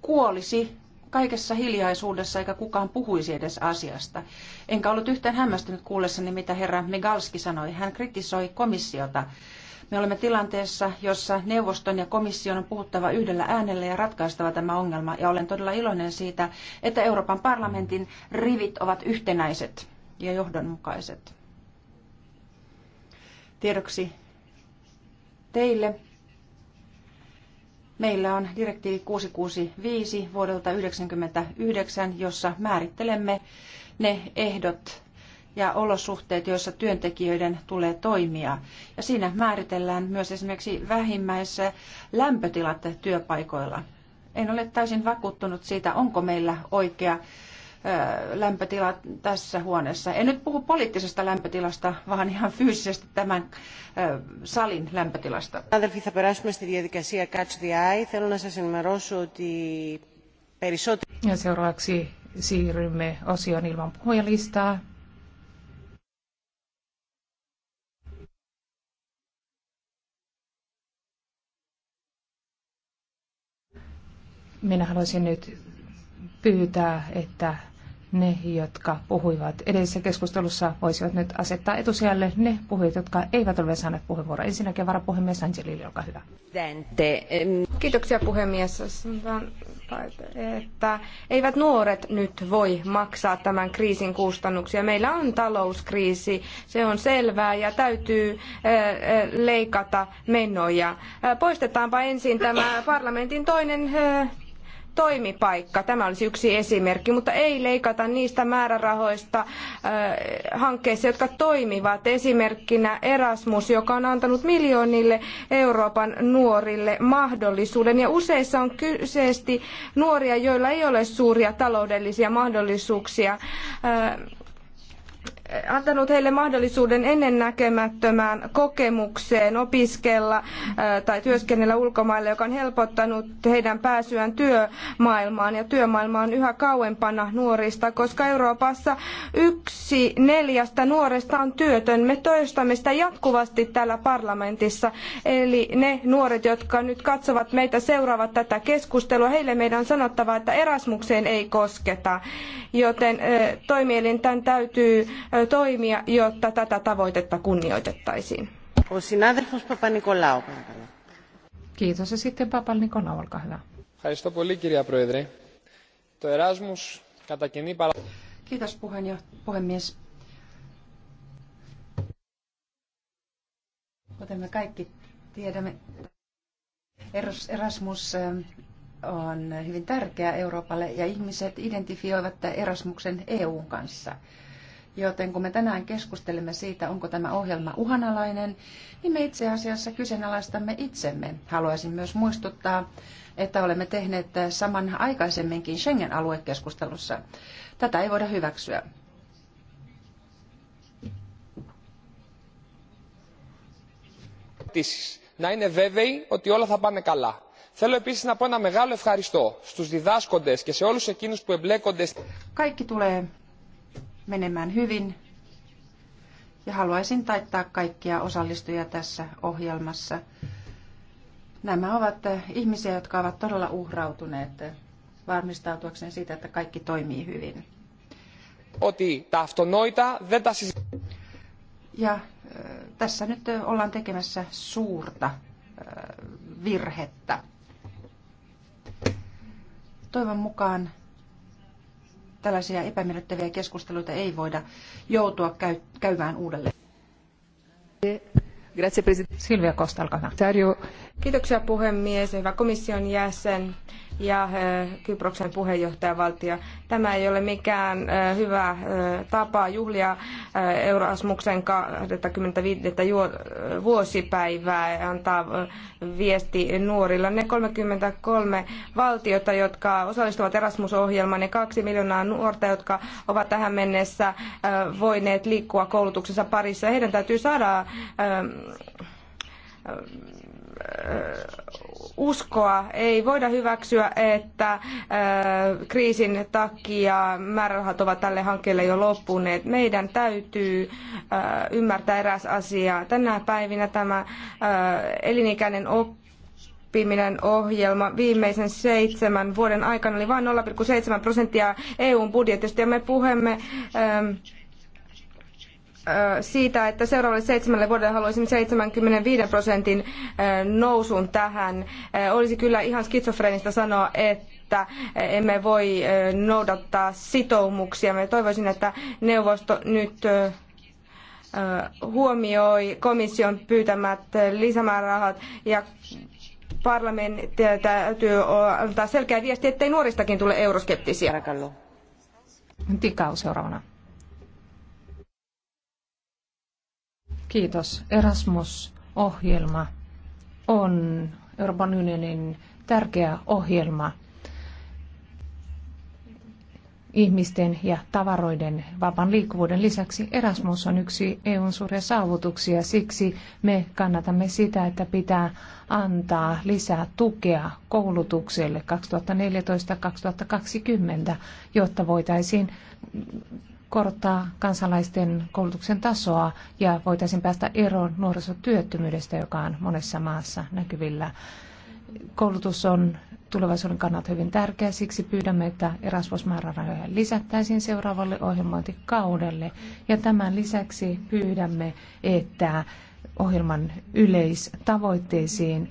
kuolisi kaikessa hiljaisuudessa eikä kukaan puhuisi edes asiasta. Enkä ollut yhtään hämmästynyt kuullessani, mitä herra Migalski sanoi. Hän kritisoi komissiota. Me olemme tilanteessa, jossa neuvoston ja komission on puhuttava yhdellä äänellä ja ratkaistava tämä ongelma, ja olen todella iloinen siitä, että Euroopan parlamentin rivit ovat yhtenäiset ja johdonmukaiset. Tiedoksi teille Meillä on direktiivi 665 vuodelta 1999, jossa määrittelemme ne ehdot ja olosuhteet, joissa työntekijöiden tulee toimia. Ja siinä määritellään myös esimerkiksi vähimmäisessä lämpötilat työpaikoilla. En ole täysin vakuuttunut siitä, onko meillä oikea lämpötila tässä huoneessa. En nyt puhu poliittisesta lämpötilasta, vaan ihan fyysisesti tämän salin lämpötilasta. Αδελφοί, θα περάσουμε στη διαδικασία Catch the Eye. Θέλω να σας ενημερώσω ότι περισσότερο... Ja seuraavaksi siirrymme osioon ilman puhujalistaa. Minä haluaisin nyt pyytää, että ne, jotka puhuivat edellisessä keskustelussa, voisivat nyt asettaa etusijalle ne puhujat, jotka eivät ole saaneet puheenvuoroa. Ensinnäkin varapuhemies Angelille, olkaa hyvä. Kiitoksia puhemies. Sanotaan, että eivät nuoret nyt voi maksaa tämän kriisin kustannuksia. Meillä on talouskriisi, se on selvää ja täytyy eh, eh, leikata menoja. Eh, poistetaanpa ensin tämä parlamentin toinen toimipaikka. Tämä olisi yksi esimerkki, mutta ei leikata niistä määrärahoista hankkeissa, jotka toimivat. Esimerkkinä Erasmus, joka on antanut miljoonille Euroopan nuorille mahdollisuuden. Ja useissa on kyseesti nuoria, joilla ei ole suuria taloudellisia mahdollisuuksia. Ö, antanut heille mahdollisuuden ennennäkemättömään kokemukseen opiskella äh, tai työskennellä ulkomailla, joka on helpottanut heidän pääsyään työmaailmaan. Ja työmaailma on yhä kauempana nuorista, koska Euroopassa yksi neljästä nuoresta on työtön. Me toistamme sitä jatkuvasti täällä parlamentissa. Eli ne nuoret, jotka nyt katsovat meitä, seuraavat tätä keskustelua, heille meidän on sanottava, että Erasmukseen ei kosketa. Joten toimielinten täytyy toimia, jotta tätä tavoitetta kunnioitettaisiin. Kiitos ja sitten Papal Nikolaou, olkaa hyvä. Kiitos puhemies. Kuten me kaikki tiedämme, Erasmus on hyvin tärkeä Euroopalle ja ihmiset identifioivat Erasmuksen EUn kanssa – Joten kun me tänään keskustelemme siitä, onko tämä ohjelma uhanalainen, niin me itse asiassa kyseenalaistamme itsemme. Haluaisin myös muistuttaa, että olemme tehneet saman aikaisemminkin Schengen-aluekeskustelussa. Tätä ei voida hyväksyä. να είναι βέβαιοι ότι όλα θα πάνε καλά. Θέλω επίσης να πω ένα μεγάλο ευχαριστώ στους διδάσκοντες και σε όλους εκείνους που εμπλέκονται. Kaikki tulee menemään hyvin ja haluaisin taittaa kaikkia osallistujia tässä ohjelmassa. Nämä ovat eh, ihmisiä, jotka ovat todella uhrautuneet eh, varmistautuakseen siitä, että kaikki toimii hyvin. Oti tahtonoita, Ja eh, tässä nyt ollaan tekemässä suurta virhettä. Toivon mukaan tällaisia epämiellyttäviä keskusteluita ei voida joutua käy, käymään uudelleen. Silvia Costa, Kiitoksia puhemies, hyvä komission jäsen ja Kyproksen puheenjohtajavaltio. Tämä ei ole mikään hyvä tapa juhlia Euroasmuksen 25. vuosipäivää ja antaa viesti nuorilla. Ne 33 valtiota, jotka osallistuvat Erasmus-ohjelmaan ja kaksi miljoonaa nuorta, jotka ovat tähän mennessä voineet liikkua koulutuksensa parissa. Heidän täytyy saada uskoa. Ei voida hyväksyä, että kriisin takia määrärahat ovat tälle hankkeelle jo loppuneet. Meidän täytyy ymmärtää eräs asia. Tänä päivinä tämä elinikäinen oppiminen ohjelma viimeisen seitsemän vuoden aikana oli vain 0,7 prosenttia EUn budjetista ja me puhemme siitä, että seuraavalle seitsemälle vuodelle haluaisimme 75 prosentin nousun tähän. Olisi kyllä ihan skitsofreenista sanoa, että emme voi noudattaa sitoumuksia. Me toivoisin, että neuvosto nyt huomioi komission pyytämät lisämäärärahat ja parlamentti täytyy antaa selkeä viesti, ettei nuoristakin tule euroskeptisiä. Tikau seuraavana. Kiitos. Erasmus-ohjelma on Euroopan unionin tärkeä ohjelma ihmisten ja tavaroiden vapaan liikkuvuuden lisäksi Erasmus on yksi EUn suuria saavutuksia. Siksi me kannatamme sitä, että pitää antaa lisää tukea koulutukselle 2014-2020, jotta voitaisiin korottaa kansalaisten koulutuksen tasoa ja voitaisiin päästä eroon nuorisotyöttömyydestä, joka on monessa maassa näkyvillä. Koulutus on tulevaisuuden kannalta hyvin tärkeä, siksi pyydämme, että Erasmus-määrärahoja lisättäisiin seuraavalle ohjelmointikaudelle. Ja tämän lisäksi pyydämme, että ohjelman yleistavoitteisiin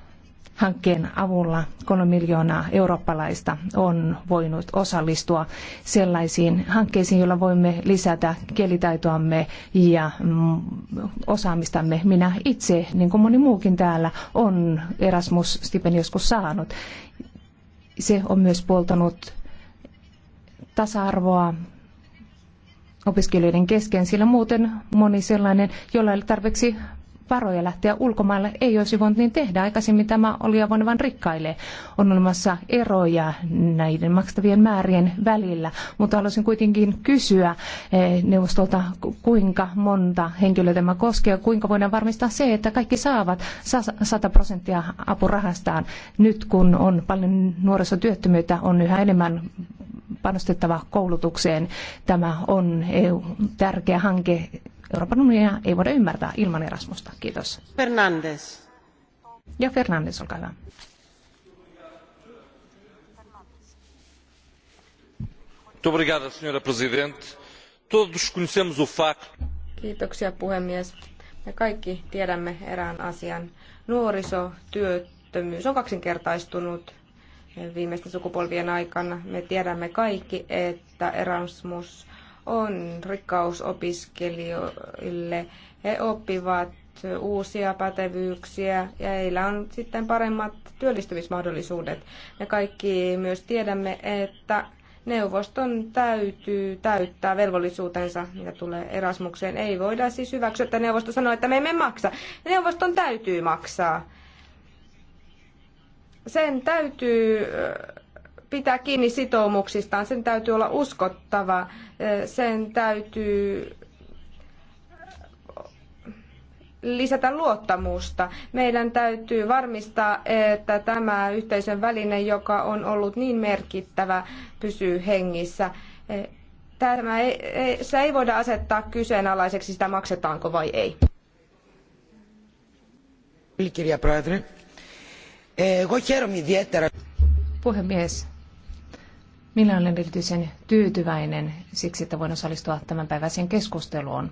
hankkeen avulla kolme miljoonaa eurooppalaista on voinut osallistua sellaisiin hankkeisiin, joilla voimme lisätä kielitaitoamme ja mm, osaamistamme. Minä itse, niin kuin moni muukin täällä, on Erasmus-stipen joskus saanut. Se on myös puoltanut tasa-arvoa opiskelijoiden kesken, sillä muuten moni sellainen, jolla ei ole tarpeeksi varoja lähteä ulkomaille, ei olisi voinut niin tehdä. Aikaisemmin tämä oli avoin vain rikkaille. On olemassa eroja näiden maksettavien määrien välillä, mutta haluaisin kuitenkin kysyä eh, neuvostolta, kuinka monta henkilöä tämä koskee, kuinka voidaan varmistaa se, että kaikki saavat 100 prosenttia apurahastaan. Nyt kun on paljon nuorisotyöttömyyttä, on yhä enemmän panostettava koulutukseen. Tämä on EU tärkeä hanke Euroopan unionia ei voida ymmärtää ilman Erasmusta. Kiitos. Fernandes. Ja Fernandes, olkaa hyvä. Kiitoksia puhemies. Me kaikki tiedämme erään asian. Nuorisotyöttömyys on kaksinkertaistunut viimeisten sukupolvien aikana. Me tiedämme kaikki, että Erasmus on rikkaus opiskelijoille. He oppivat uusia pätevyyksiä ja heillä on sitten paremmat työllistymismahdollisuudet. Me kaikki myös tiedämme, että neuvoston täytyy täyttää velvollisuutensa, mitä tulee Erasmukseen. Ei voida siis hyväksyä, että neuvosto sanoo, että me emme maksa. Neuvoston täytyy maksaa. Sen täytyy pitää kiinni sitoumuksistaan, sen täytyy olla uskottava, sen täytyy lisätä luottamusta. Meidän täytyy varmistaa, että tämä yhteisön väline, joka on ollut niin merkittävä, pysyy hengissä. Tämä ei, ei, se ei voida asettaa kyseenalaiseksi, sitä maksetaanko vai ei. Puhemies, minä olen erityisen tyytyväinen siksi, että voin osallistua tämän päiväiseen keskusteluun.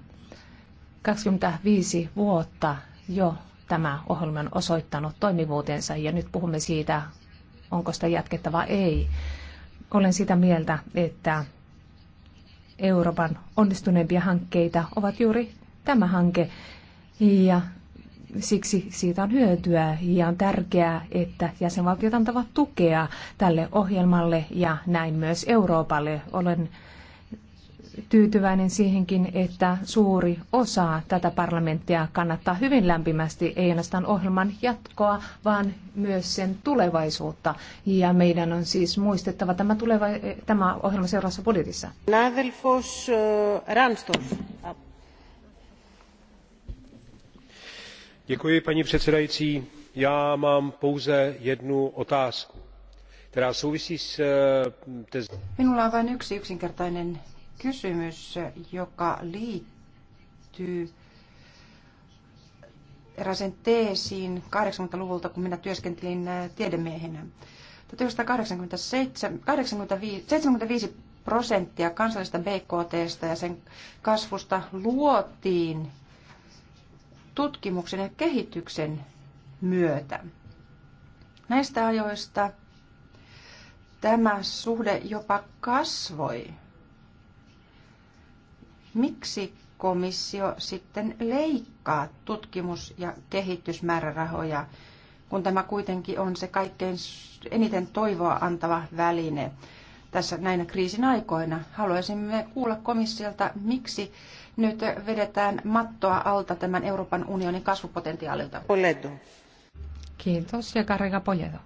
25 vuotta jo tämä ohjelma on osoittanut toimivuutensa ja nyt puhumme siitä, onko sitä jatkettava ei. Olen sitä mieltä, että Euroopan onnistuneimpia hankkeita ovat juuri tämä hanke ja siksi siitä on hyötyä ja on tärkeää, että jäsenvaltiot antavat tukea tälle ohjelmalle ja näin myös Euroopalle. Olen tyytyväinen siihenkin, että suuri osa tätä parlamenttia kannattaa hyvin lämpimästi, ei ainoastaan ohjelman jatkoa, vaan myös sen tulevaisuutta. Ja meidän on siis muistettava tämä, tuleva, tämä ohjelma seuraavassa budjetissa. Nadelfos äh, Ransdorf. paní předsedající já mám pouze jednu otázku která souvisí s eh, Minulla on vain yksi yksinkertainen kysymys, joka liittyy eräisen teesiin 80-luvulta, kun minä työskentelin eh, tiedemiehenä. 1987, 85, 75 prosenttia kansallista BKTstä ja sen kasvusta luotiin tutkimuksen ja kehityksen myötä. Näistä ajoista tämä suhde jopa kasvoi. Miksi komissio sitten leikkaa tutkimus- ja kehitysmäärärahoja, kun tämä kuitenkin on se kaikkein eniten toivoa antava väline tässä näinä kriisin aikoina? Haluaisimme kuulla komissiolta, miksi nyt vedetään mattoa alta tämän Euroopan unionin kasvupotentiaalilta. Poledo. Kiitos ja Karika Poledo.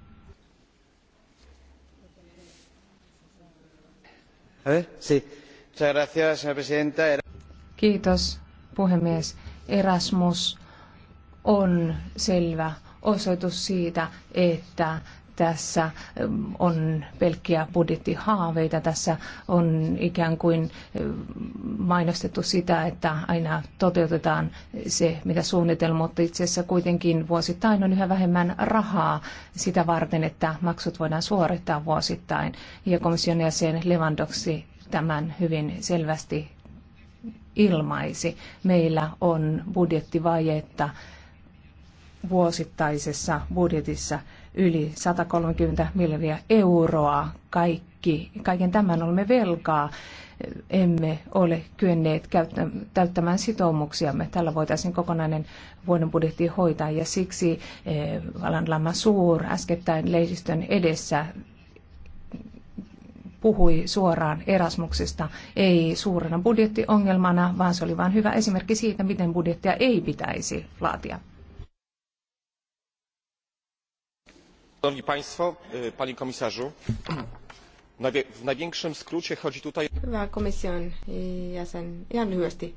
Kiitos puhemies. Erasmus on selvä osoitus siitä, että tässä ähm, on pelkkiä budjettihaaveita. Tässä on ikään kuin ähm, mainostettu sitä, että aina toteutetaan se, mitä suunnitelma, mutta itse asiassa kuitenkin vuosittain on yhä vähemmän rahaa sitä varten, että maksut voidaan suorittaa vuosittain. Ja komission jäsen Lewandowski tämän hyvin selvästi ilmaisi. Meillä on budjettivajetta vuosittaisessa budjetissa yli 130 miljardia euroa. Kaikki, kaiken tämän olemme velkaa. Emme ole kyenneet täyttämään sitoumuksiamme. Tällä voitaisiin kokonainen vuoden budjetti hoitaa ja siksi eh, Alan Lama Suur äskettäin lehdistön edessä puhui suoraan Erasmuksesta, ei suurena budjettiongelmana, vaan se oli vain hyvä esimerkki siitä, miten budjettia ei pitäisi laatia. E, panie komisarzu! w największym skrócie chodzi tutaj. hyvä komission jäsen ihan lyhyesti.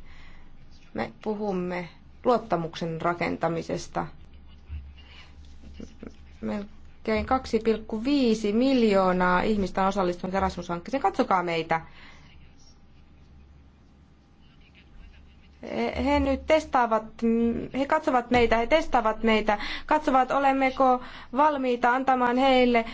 me puhumme luottamuksen rakentamisesta. melkein kaksi viisi miljoonaa ihmistä on osallistunut erasmus hankkeeseen. katsokaa meitä he nyt testaavat, he katsovat meitä, he testaavat meitä, katsovat olemmeko valmiita antamaan heille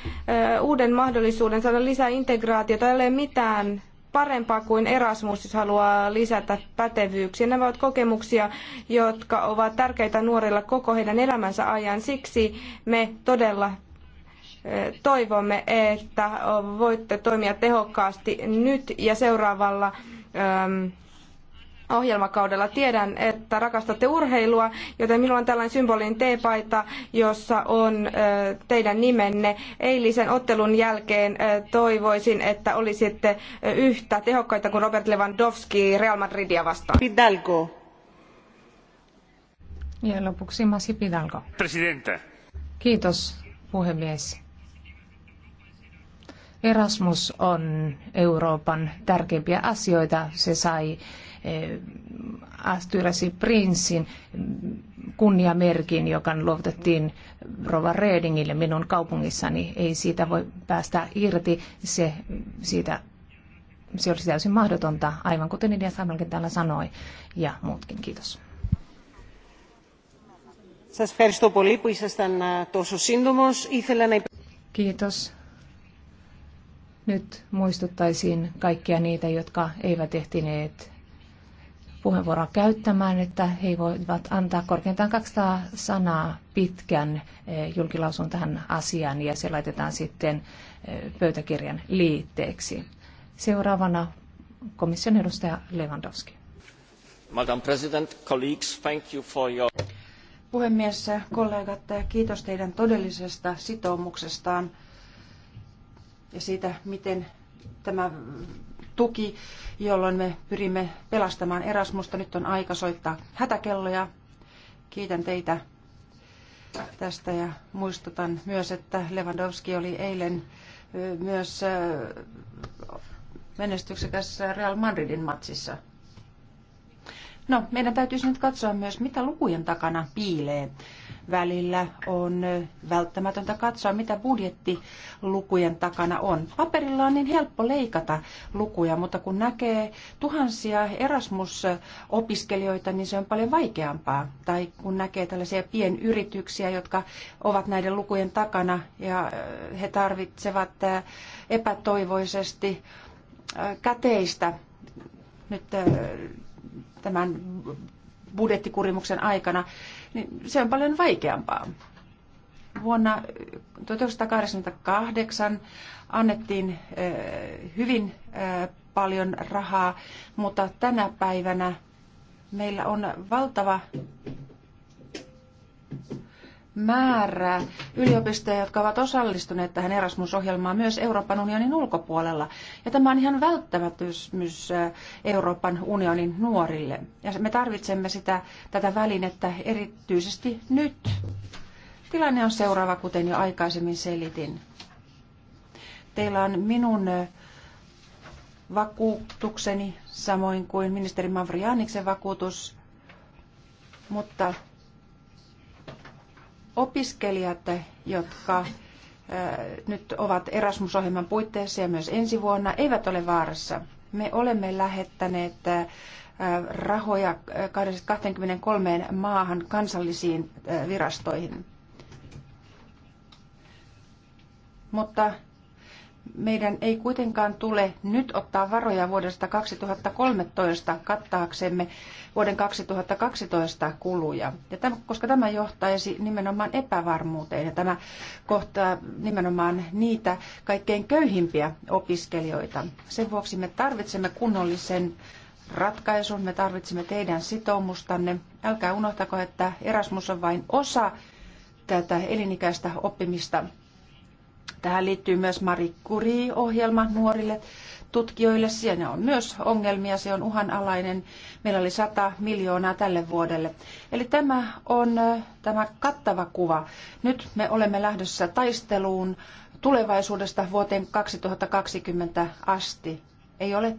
uuden mahdollisuuden saada lisää integraatiota. Ei ole mitään parempaa kuin Erasmus, jos siis haluaa lisätä pätevyyksiä. Nämä ovat kokemuksia, jotka ovat tärkeitä nuorilla koko heidän elämänsä ajan. Siksi me todella toivomme, että voitte toimia tehokkaasti nyt ja seuraavalla ohjelmakaudella. Tiedän, että rakastatte urheilua, joten minulla on tällainen symbolinen T-paita, jossa on teidän nimenne. Eilisen ottelun jälkeen toivoisin, että olisitte yhtä tehokkaita kuin Robert Lewandowski Real Madridia vastaan. Pidalgo. Ja lopuksi Masi Pidalgo. Presidente. Kiitos, puhemies. Erasmus on Euroopan tärkeimpiä asioita. Se sai Eh, Astyrasi prinssin kunniamerkin, joka luovutettiin Rova Redingille minun kaupungissani. Ei siitä voi päästä irti. Se, siitä, se olisi täysin mahdotonta, aivan kuten Idia Samelkin täällä sanoi, ja muutkin. Kiitos. Kiitos. Nyt muistuttaisin kaikkia niitä, jotka eivät ehtineet puheenvuoroa käyttämään, että he voivat antaa korkeintaan 200 sanaa pitkän eh, julkilausun tähän asiaan ja se laitetaan sitten eh, pöytäkirjan liitteeksi. Seuraavana komission edustaja Lewandowski. Madam President, colleagues, thank you for your... Puhemies, kollegat, kiitos teidän todellisesta sitoumuksestaan ja siitä, miten tämä tuki, jolloin me pyrimme pelastamaan Erasmusta. Nyt on aika soittaa hätäkelloja. Kiitän teitä tästä ja muistutan myös, että Lewandowski oli eilen myös menestyksekäs Real Madridin matsissa. No, meidän täytyisi nyt katsoa myös, mitä lukujen takana piilee. Välillä on välttämätöntä katsoa, mitä budjetti lukujen takana on. Paperilla on niin helppo leikata lukuja, mutta kun näkee tuhansia Erasmus-opiskelijoita, niin se on paljon vaikeampaa. Tai kun näkee tällaisia pienyrityksiä, jotka ovat näiden lukujen takana ja he tarvitsevat epätoivoisesti käteistä nyt tämän budjettikurimuksen aikana, niin se on paljon vaikeampaa. Vuonna 1988 annettiin hyvin paljon rahaa, mutta tänä päivänä meillä on valtava määrää yliopistoja, jotka ovat osallistuneet tähän Erasmus-ohjelmaan myös Euroopan unionin ulkopuolella. Ja tämä on ihan välttämättömyys äh, Euroopan unionin nuorille. Ja me tarvitsemme sitä, tätä välinettä erityisesti nyt. Tilanne on seuraava, kuten jo aikaisemmin selitin. Teillä on minun äh, vakuutukseni, samoin kuin ministeri Mavrianiksen vakuutus, mutta opiskelijat, jotka äh, nyt ovat Erasmus-ohjelman puitteissa ja myös ensi vuonna, eivät ole vaarassa. Me olemme lähettäneet äh, rahoja 23 äh, maahan kansallisiin virastoihin. Mutta meidän ei kuitenkaan tule nyt ottaa varoja vuodesta 2013 kattaaksemme vuoden 2012 kuluja, ja tämän, koska tämä johtaisi nimenomaan epävarmuuteen ja tämä kohtaa nimenomaan niitä kaikkein köyhimpiä opiskelijoita. Sen vuoksi me tarvitsemme kunnollisen ratkaisun, me tarvitsemme teidän sitoumustanne. Älkää unohtako, että Erasmus on vain osa tätä elinikäistä oppimista Tähän liittyy myös Marie Curie-ohjelma nuorille tutkijoille. Siinä on myös ongelmia, se on uhanalainen. Meillä oli 100 miljoonaa tälle vuodelle. Eli tämä on tämä kattava kuva. Nyt me olemme lähdössä taisteluun tulevaisuudesta vuoteen 2020 asti. Ei ole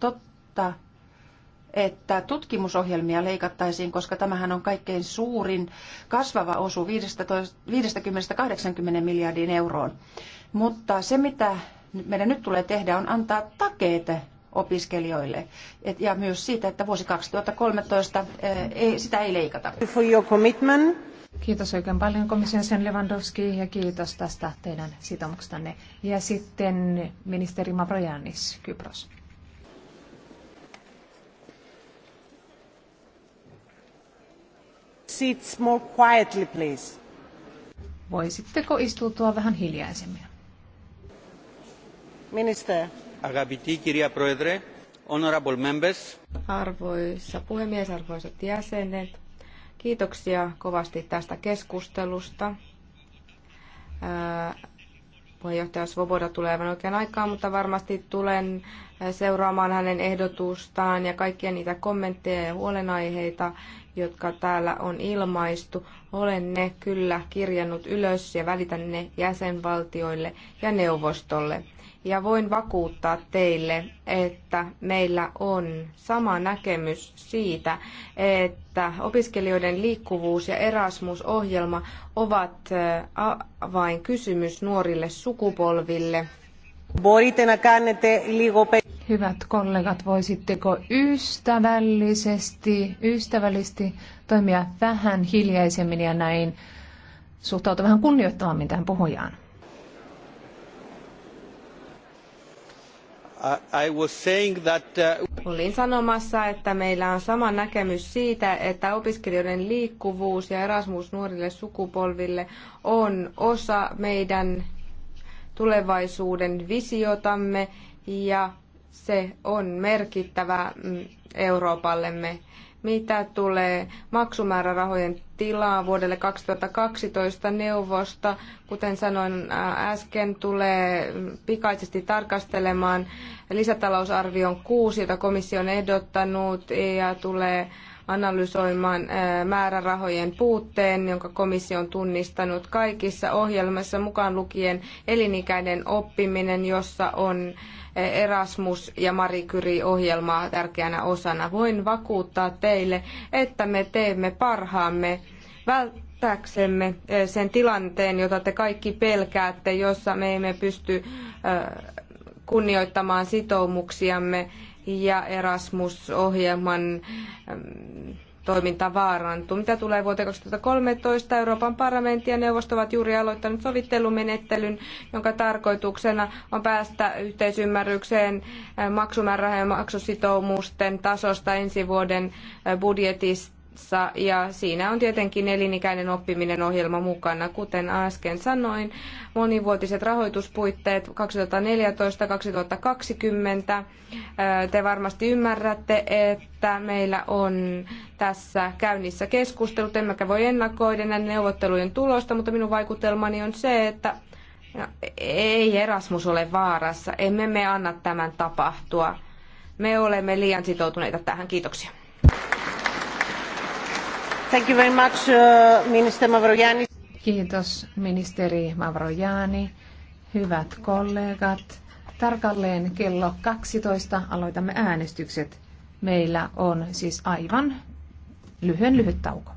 totta, että tutkimusohjelmia leikattaisiin, koska tämähän on kaikkein suurin kasvava osu 50-80 miljardiin euroon. Mutta se, mitä meidän nyt tulee tehdä, on antaa takeet opiskelijoille Et, ja myös siitä, että vuosi 2013 eh, ei, sitä ei leikata. For your commitment. Kiitos oikein paljon komission sen Lewandowski ja kiitos tästä teidän sitoumuksestanne. Ja sitten ministeri Mavrojanis, Kypros. seats more quietly, please? Voisitteko istuutua vähän hiljaisemmin? Minister. Agapiti, kirja proedre, honorable members. Arvoisa puhemies, arvoisat jäsenet. Kiitoksia kovasti tästä keskustelusta. Puheenjohtaja Svoboda tulee aivan oikean aikaan, mutta varmasti tulen seuraamaan hänen ehdotustaan ja kaikkia niitä kommentteja ja huolenaiheita, jotka täällä on ilmaistu. Olen ne kyllä kirjannut ylös ja välitän ne jäsenvaltioille ja neuvostolle. Ja voin vakuuttaa teille, että meillä on sama näkemys siitä, että opiskelijoiden liikkuvuus ja Erasmus-ohjelma ovat avainkysymys nuorille sukupolville. Μπορείτε να κάνετε Hyvät kollegat, voisitteko ystävällisesti, ystävällisesti toimia vähän hiljaisemmin ja näin suhtautua vähän kunnioittavammin tähän puhujaan? I was saying that... Uh, Olin sanomassa, että meillä on sama näkemys siitä, että opiskelijoiden liikkuvuus ja Erasmus nuorille sukupolville on osa meidän tulevaisuuden visiotamme ja se on merkittävä mm, Euroopallemme. Mitä tulee maksumäärärahojen tilaa vuodelle 2012 neuvosta, kuten sanoin äh, äsken, tulee mm, pikaisesti tarkastelemaan lisätalousarvion kuusi, jota komissio on ehdottanut, ja tulee analysoimaan määrärahojen puutteen, jonka komissio on tunnistanut kaikissa ohjelmissa mukaan lukien elinikäinen oppiminen, jossa on Erasmus ja Marie Curie-ohjelmaa tärkeänä osana. Voin vakuuttaa teille, että me teemme parhaamme välttääksemme sen tilanteen, jota te kaikki pelkäätte, jossa me emme pysty kunnioittamaan sitoumuksiamme ja Erasmus-ohjelman ähm, toiminta vaarantuu. Mitä tulee vuoteen 2013, Euroopan parlamentti ja neuvosto ovat juuri aloittaneet sovittelumenettelyn, jonka tarkoituksena on päästä yhteisymmärrykseen äh, ja maksusitoumusten tasosta ensi vuoden äh, budjetista ja siinä on tietenkin elinikäinen oppiminen ohjelma mukana. Kuten äsken sanoin, monivuotiset rahoituspuitteet 2014-2020. Te varmasti ymmärrätte, että meillä on tässä käynnissä keskustelut. Emmekä voi ennakoida näiden neuvottelujen tulosta, mutta minun vaikutelmani on se, että no, ei Erasmus ole vaarassa. Emme me anna tämän tapahtua. Me olemme liian sitoutuneita tähän. Kiitoksia. Thank you very much, uh, minister Kiitos ministeri Mavrojani. Hyvät kollegat, tarkalleen kello 12 aloitamme äänestykset. Meillä on siis aivan lyhyen lyhyt tauko.